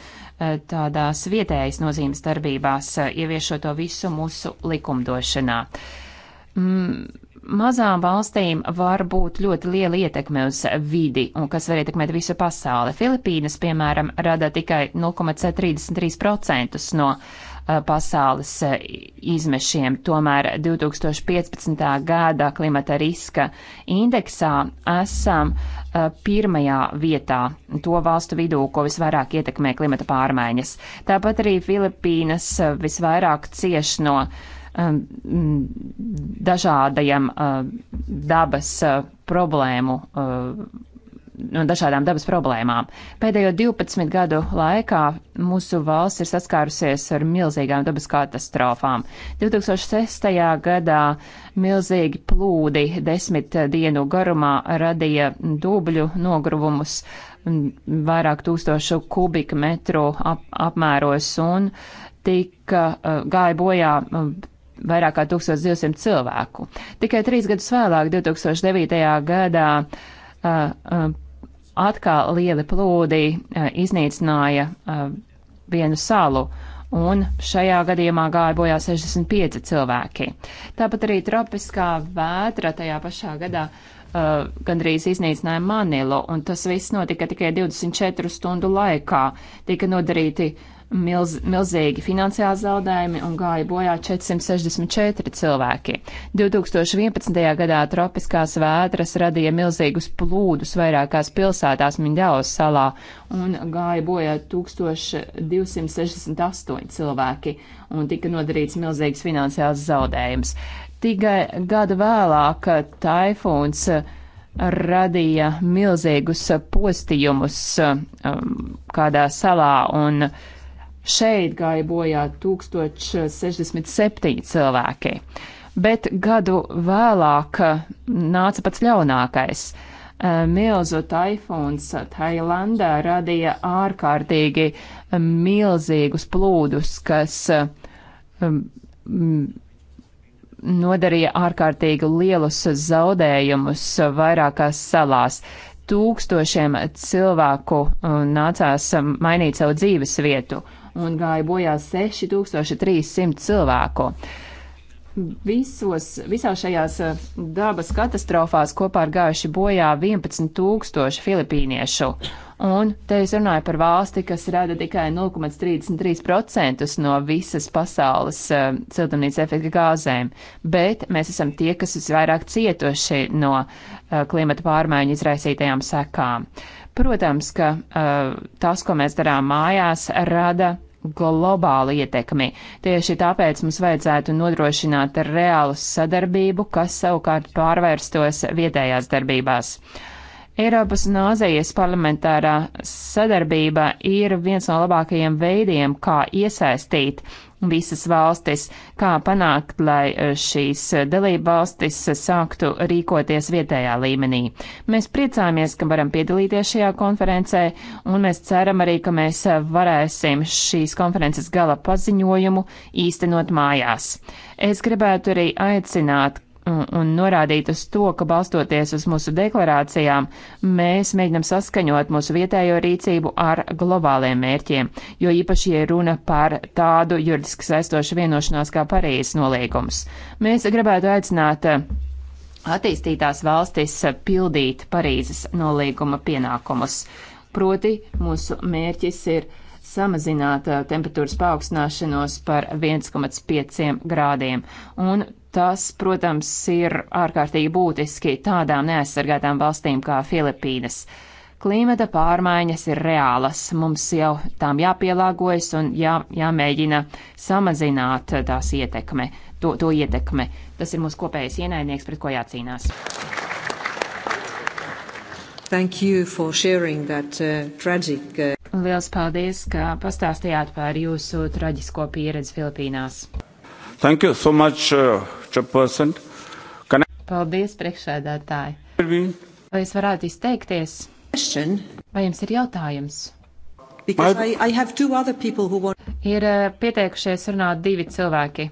tādās vietējas nozīmes darbībās, ieviešot to visu mūsu likumdošanā. Mm mazām valstīm var būt ļoti liela ietekme uz vidi un kas var ietekmēt visu pasauli. Filipīnas, piemēram, rada tikai 0,33% no eh, pasaules eh, izmešiem. Tomēr 2015. gada klimata riska indeksā esam eh, pirmajā vietā to valstu vidū, ko visvairāk ietekmē klimata pārmaiņas. Tāpat arī Filipīnas visvairāk cieš no uh, Um, dažādajam uh, dabas uh, problēmu uh, no dažādām dabas problēmām. Pēdējo 12 gadu laikā mūsu valsts ir saskārusies ar milzīgām dabas katastrofām. 2006. gadā milzīgi plūdi desmit dienu garumā radīja dubļu nogruvumus vairāk tūkstošu kubikmetru ap, apmēros un tika gāja bojā vairāk kā 1200 cilvēku. Tikai trīs gadus vēlāk, 2009. gadā, uh, uh, atkal lieli plūdi uh, iznīcināja vienu salu. Un šajā gadījumā gāja bojā 65 cilvēki. Tāpat arī tropiskā vētra tajā pašā gadā uh, gandrīz iznīcināja Manilu, un tas viss notika tikai 24 stundu laikā. Tika nodarīti uh, milz, milzīgi finansiāli zaudējumi un gāja bojā 464 cilvēki. 2011. gadā tropiskās vētras radīja milzīgus plūdus vairākās pilsētās Mindēlos salā un gāja bojā 1268 cilvēki un tika nodarīts milzīgs finansiāls zaudējums. Tikai gada vēlāk taifūns radīja milzīgus postījumus um, kādā salā un uh, Šeit gāja bojā 1067 cilvēki, bet gadu vēlāk nāca pats ļaunākais. Eh, milzu taifūns Tailandā radīja ārkārtīgi eh, milzīgus plūdus, kas eh, nodarīja ārkārtīgi lielus zaudējumus vairākās salās. Tūkstošiem cilvēku nācās mainīt savu dzīves vietu, un gāja bojā 6300 cilvēku. Visos, visās šajās eh, dabas katastrofās kopā ir gājuši bojā 11 tūkstoši filipīniešu, Un te es runāju par valsti, kas rada tikai 0,33% no visas pasaules uh, siltumnīca efekta gāzēm, bet mēs esam tie, kas visvairāk cietoši no uh, klimata pārmaiņu izraisītajām sekām. Protams, ka uh, tas, ko mēs darām mājās, rada globālu ietekmi. Tieši tāpēc mums vajadzētu nodrošināt reālu sadarbību, kas savukārt pārvērstos vietējās darbībās. Uh, Eiropas un Āzijas parlamentārā sadarbība ir viens no labākajiem veidiem, kā iesaistīt visas valstis, kā panākt, lai e, šīs dalība valstis sāktu rīkoties vietējā līmenī. Mēs priecāmies, ka varam piedalīties šajā konferencē, un mēs ceram arī, ka mēs varēsim šīs konferences gala paziņojumu īstenot mājās. Es gribētu arī aicināt, un, un norādīt uz to, ka balstoties uz mūsu deklarācijām, mēs mēģinam saskaņot mūsu vietējo rīcību ar globāliem mērķiem, jo īpaši ir runa par tādu juridiski saistošu vienošanos kā Parīzes nolīgums. Mēs gribētu aicināt eh, attīstītās valstis pildīt Parīzes nolīguma pienākumus. Proti, mūsu mērķis ir samazināt eh, temperatūras paaugstināšanos par 1,5 grādiem. Un Tas, protams, ir ārkārtīgi būtiski tādām neaizsargātām valstīm kā Filipīnas. Klimata pārmaiņas ir reālas, mums jau tām jāpielāgojas un jā, jāmēģina samazināt tās ietekme, to, to ietekme. Tas ir mūsu kopējais ienaidnieks, pret ko jācīnās. Thank you for sharing that uh, tragic. Uh... Liels paldies, ka pastāstījāt par jūsu traģisko pieredzi Filipīnās. Thank you so much, uh, Chairperson. Can I... Paldies, priekšsēdētāji. Vai jūs varētu izteikties? Question. Vai jums ir jautājums? Because I, I have two other people who want... Ir uh, pieteikušies runāt divi cilvēki.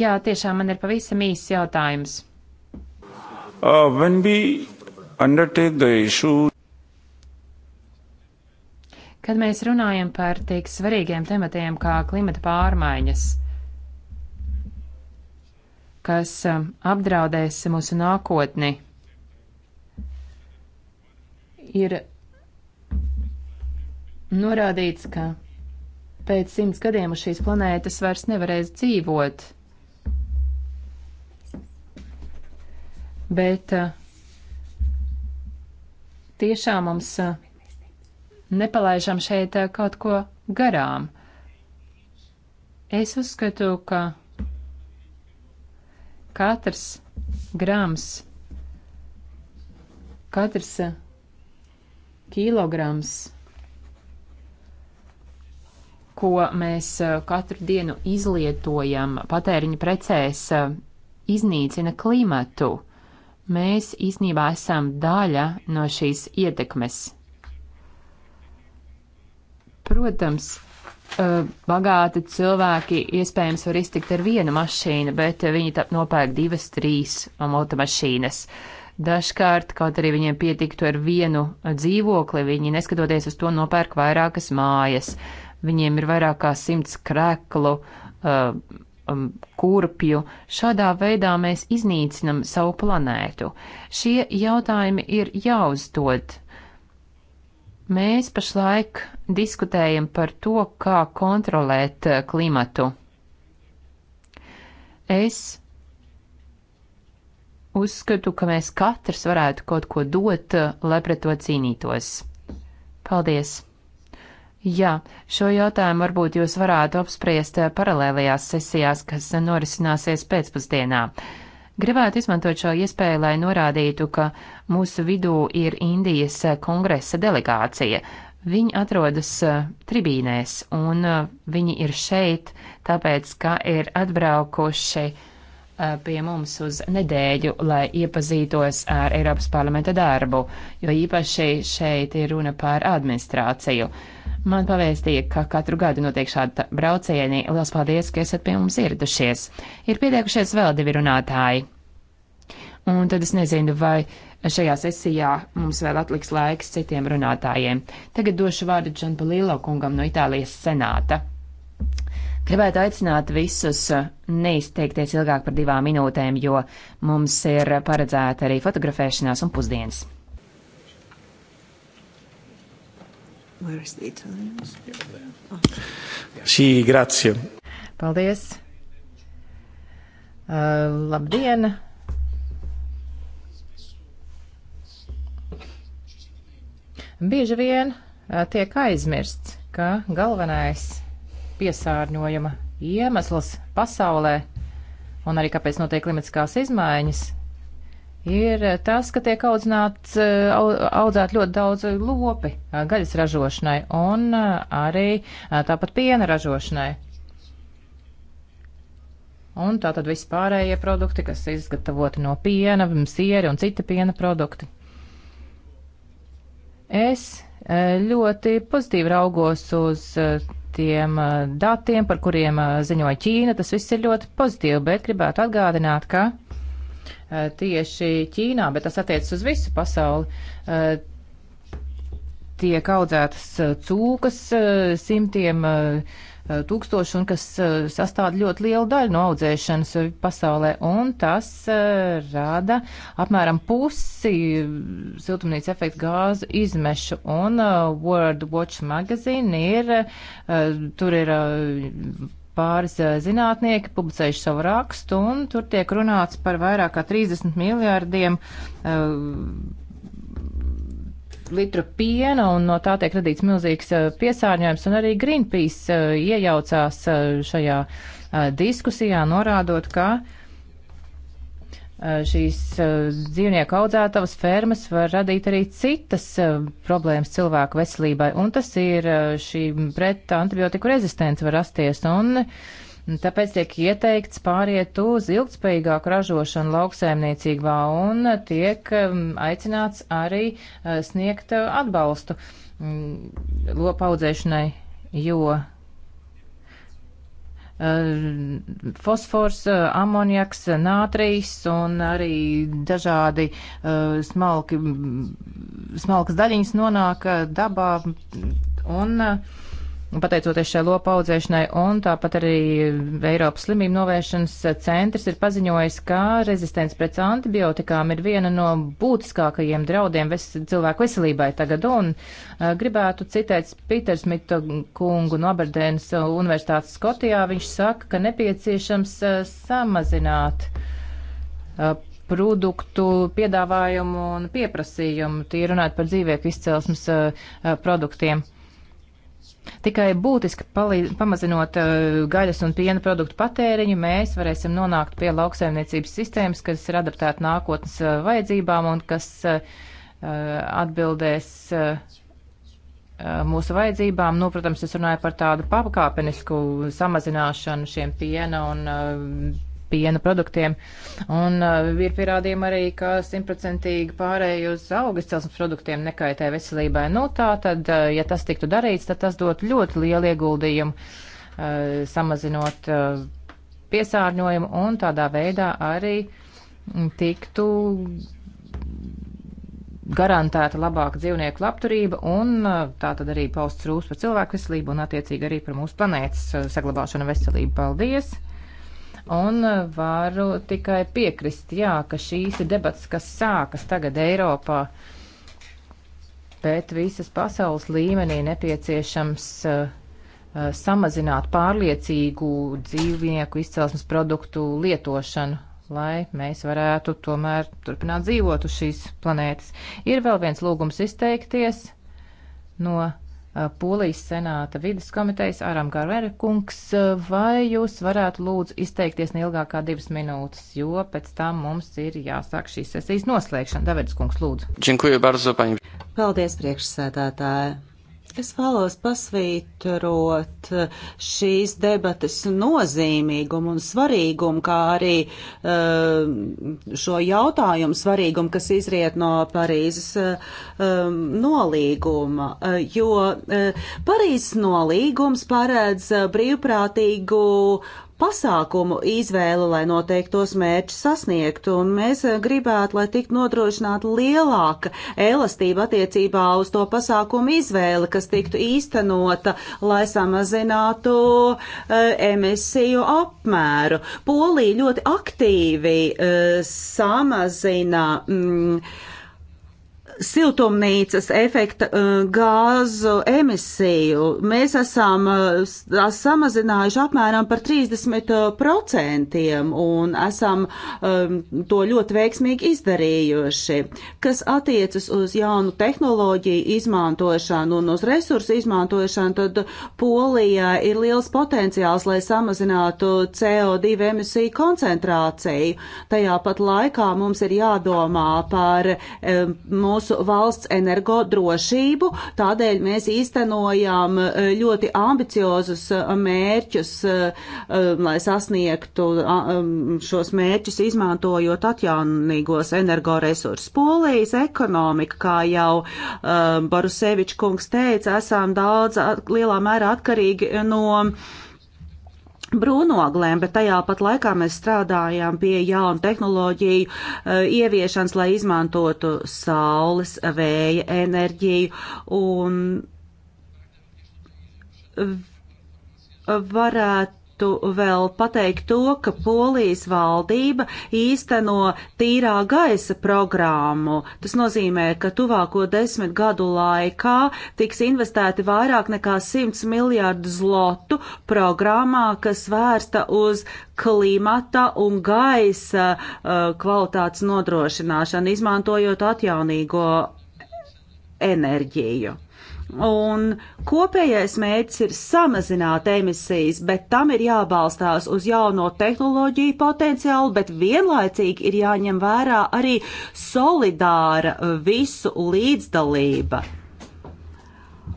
Jā, tiešām man ir pavisam īsts jautājums. Uh, when we undertake the issue... Kad mēs runājam par tik svarīgiem tematiem kā klimata pārmaiņas, kas um, apdraudēs mūsu nākotni. Ir norādīts, ka pēc simts gadiem uz šīs planētas vairs nevarēs dzīvot. Bet uh, tiešām mums uh, nepalaižam šeit uh, kaut ko garām. Es uzskatu, ka Katrs grams, katrs eh, kilograms, ko mēs eh, katru dienu izlietojam patēriņa precēs, eh, iznīcina klimatu. Mēs īsnībā esam daļa no šīs ietekmes. Protams, Eh, bagāti cilvēki iespējams var iztikt ar vienu mašīnu, bet viņi nopērk divas, trīs automašīnas. Dažkārt, kaut arī viņiem pietiktu ar vienu dzīvokli, viņi neskatoties uz to nopērk vairākas mājas. Viņiem ir vairāk kā simts kreklu, eh, um, kurpju. Šādā veidā mēs iznīcinam savu planētu. Šie jautājumi ir jāuzdod Mēs pašlaik diskutējam par to, kā kontrolēt eh, klimatu. Es uzskatu, ka mēs katrs varētu kaut ko dot, eh, lai pret to cīnītos. Paldies! Jā, šo jautājumu varbūt jūs varētu apspriest eh, paralēlajās sesijās, kas norisināsies pēcpusdienā. Gribētu izmantot šo iespēju, lai norādītu, ka mūsu vidū ir Indijas eh, kongresa delegācija. Viņi atrodas eh, tribīnēs, un eh, viņi ir šeit, tāpēc, ka ir atbraukuši pie mums uz nedēļu, lai iepazītos ar Eiropas parlamenta darbu, jo īpaši šeit ir runa par administrāciju. Uh, Man pavēstīja, ka katru gadu notiek šāda braucieni. Lielas paldies, ka esat pie mums ieradušies. Ir pieteikušies vēl divi runātāji. Un tad es nezinu, vai šajā sesijā mums vēl atliks laiks citiem runātājiem. Tagad došu vārdu Džanpalīlo kungam no Itālijas senāta. Gribētu aicināt visus neizteikties ilgāk par divām minūtēm, jo mums ir paredzēta arī fotografēšanās un pusdienas. Where is the Italians? Oh. Sì, grazie. Paldies. Uh, labdien! Bieži vien uh, tiek aizmirsts, ka galvenais piesārņojuma iemesls pasaulē un arī kāpēc notiek klimatiskās izmaiņas ir eh, tas, ka tiek audzināts, eh, audzēt ļoti daudz lopi eh, gaļas ražošanai un arī tāpat piena ražošanai. Un tā tad vispārējie produkti, kas izgatavoti no piena, sieri un cita piena produkti. Es ļoti pozitīvi raugos uz tiem datiem, par kuriem ziņoja Ķīna. Tas viss ir ļoti pozitīvi, bet gribētu atgādināt, ka Eh, tieši Ķīnā, bet tas attiecas uz visu pasauli. Eh, tiek audzētas eh, cūkas simtiem tūkstoši un kas sastāv ļoti lielu daļu no audzēšanas pasaulē, un tas rada apmēram pusi siltumnīca efekta gāzu izmešu, un World Watch magazīna ir, tur ir pāris zinātnieki publicējuši savu rakstu, un tur tiek runāts par vairāk kā 30 miljārdiem litru piena, un no tā tiek radīts milzīgs piesārņojums, un arī Greenpeace iejaucās šajā diskusijā, norādot, ka uh, Eh, šīs eh, dzīvnieku audzētavas fermas var radīt arī citas eh, problēmas cilvēku veselībai, un tas ir šī pret antibiotiku rezistence var rasties, un mm, tāpēc tiek ieteikts pāriet uz ilgspējīgāku ražošanu lauksēmniecībā, un tiek mm, aicināts arī sniegt atbalstu mm, lopaudzēšanai, jo Eh, fosfors, eh, amoniaks, nātrijs un arī dažādi eh, smalki, smalkas daļiņas nonāk dabā un uh, Pateicoties šai lopu audzēšanai un tāpat arī Eiropas slimību novēršanas centrs ir paziņojis, ka rezistents pret antibiotikām ir viena no būtiskākajiem draudiem ves cilvēku veselībai tagad. Un uh, gribētu citēt Pīters Mita kungu no Aberdēnas Universitātes Skotijā. Viņš saka, ka nepieciešams uh, samazināt uh, produktu piedāvājumu un pieprasījumu, tie runāt par dzīvieku izcelsmes uh, produktiem. Tikai būtiski pamazinot uh, gaļas un piena produktu patēriņu, mēs varēsim nonākt pie lauksaimniecības sistēmas, kas ir adaptēta nākotnes uh, vajadzībām un kas uh, atbildēs mūsu vajadzībām. Nu, protams, es runāju par tādu pakāpenisku samazināšanu šiem piena un piena produktiem. Un uh, ir pierādījumi arī, ka simtprocentīgi pārēju uz augas celsnes produktiem nekaitē veselībai. Nu, tā tad, uh, ja tas tiktu darīts, tad tas dot ļoti lielu ieguldījumu, uh, samazinot uh, piesārņojumu un tādā veidā arī tiktu garantēta labāka dzīvnieku labturība un uh, tā tad arī pausts rūs par cilvēku veselību un attiecīgi arī par mūsu planētas uh, saglabāšanu veselību. Paldies! Un eh, varu tikai piekrist, jā, ka šīs ir debats, kas sākas tagad Eiropā, bet visas pasaules līmenī nepieciešams uh, samazināt pārliecīgu dzīvnieku izcelsmes produktu lietošanu, lai mēs varētu tomēr turpināt dzīvot uz šīs planētas. Ir vēl viens lūgums izteikties no Eh, Polijas senāta vidas komitejas Aram Garvera kungs, eh, vai jūs varētu lūdzu izteikties neilgāk kā divas minūtes, jo pēc tam mums ir jāsāk šīs sesijas noslēgšana. Davids kungs, lūdzu. Paldies, priekšsēdētāji. Es vēlos pasvītrot šīs debates nozīmīgumu un svarīgumu, kā arī eh, šo jautājumu svarīgumu, kas izriet no Parīzes eh, nolīguma, jo eh, Parīzes nolīgums paredz brīvprātīgu pasākumu izvēle, lai noteiktos mērķus sasniegtu, un mēs eh, gribētu, lai tiktu nodrošināta lielāka elastība attiecībā uz to pasākumu izvēli, kas tiktu īstenota, lai samazinātu uh, emisiju apmēru. Polija ļoti aktīvi uh, samazina. Mm, siltumnīcas efekta uh, gāzu emisiju. Mēs esam tās uh, samazinājuši apmēram par 30% un esam um, to ļoti veiksmīgi izdarījuši. Kas attiecas uz jaunu tehnoloģiju izmantošanu un uz resursu izmantošanu, tad Polijā ir liels potenciāls, lai samazinātu CO2 emisiju koncentrāciju. Tajā pat laikā mums ir jādomā par um, mūsu mūsu valsts energodrošību, tādēļ mēs īstenojām eh, ļoti ambiciozus eh, mērķus, eh, lai sasniegtu šos mērķus, izmantojot atjaunīgos energoresursus. Polijas ekonomika, kā jau Barusevičs kungs teica, esam daudz lielā mērā atkarīgi no brūnoglēm, bet tajā pat laikā mēs strādājām pie jaunu tehnoloģiju uh, ieviešanas, lai izmantotu saules, vēja enerģiju un varētu gribētu vēl pateikt to, ka Polijas valdība īsteno tīrā gaisa programmu. Tas nozīmē, ka tuvāko desmit gadu laikā tiks investēti vairāk nekā 100 miljārdu zlotu programmā, kas vērsta uz klimata un gaisa uh, kvalitātes nodrošināšanu, izmantojot atjaunīgo enerģiju. Un kopējais mērķis ir samazināt emisijas, bet tam ir jābalstās uz jauno tehnoloģiju potenciālu, bet vienlaicīgi ir jāņem vērā arī solidāra visu līdzdalība.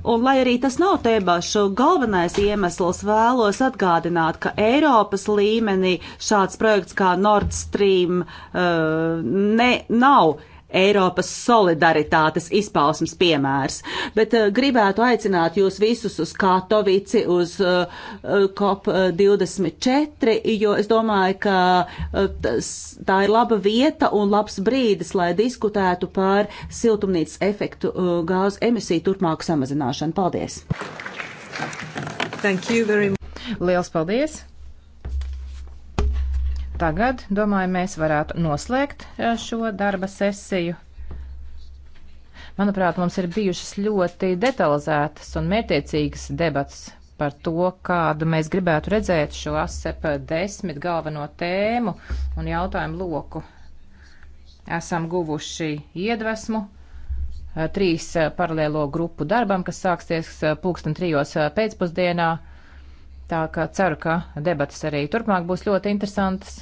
Un, lai arī tas nav tēbašu galvenais iemesls, vēlos atgādināt, ka Eiropas līmenī šāds projekts kā Nord Stream uh, ne, nav Eiropas solidaritātes izpausmes piemērs. Bet uh, gribētu aicināt jūs visus uz Katovici, uz uh, COP24, jo es domāju, ka uh, tas, tā ir laba vieta un labs brīdis, lai diskutētu par siltumnīcas efektu uh, gāzu emisiju turpmāku samazināšanu. Paldies! Liels paldies! Tagad, domāju, mēs varētu noslēgt eh, šo darba sesiju. Manuprāt, mums ir bijušas ļoti detalizētas un mērķiecīgas debats par to, kādu mēs gribētu redzēt šo ASEP desmit galveno tēmu un jautājumu loku. Esam guvuši iedvesmu eh, trīs eh, paralēlo grupu darbam, kas sāksies pulksten trijos pēcpusdienā. Tā kā ceru, ka debatas arī turpmāk būs ļoti interesantas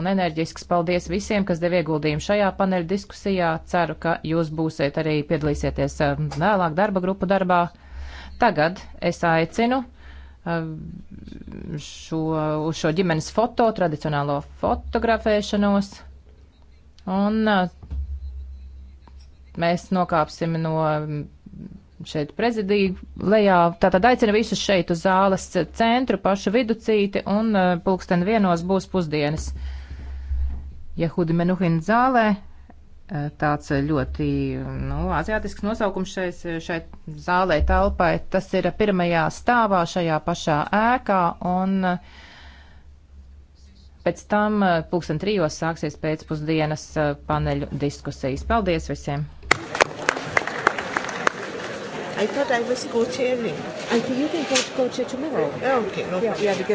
un enerģisks. Paldies visiem, kas deva ieguldījumu šajā paneļa diskusijā. Ceru, ka jūs būsiet arī piedalīsieties um, vēlāk darba grupu darbā. Tagad es aicinu um, šo, uz šo ģimenes foto, tradicionālo fotografēšanos. Un uh, mēs nokāpsim no šeit prezidiju lejā. Tātad aicinu visus šeit uz zāles centru, pašu viducīti un eh, pulksten vienos būs pusdienas. Jehudi Menuhin zālē. Eh, tāds ļoti, nu, aziātisks nosaukums šeit, šeit zālē telpai. Tas ir pirmajā stāvā šajā pašā ēkā un eh, pēc tam pulksten trijos sāksies pēcpusdienas paneļu diskusijas. Paldies visiem! I thought I was co-chairing. I think you can co-chair tomorrow. Okay, no yeah, problem. Yeah, because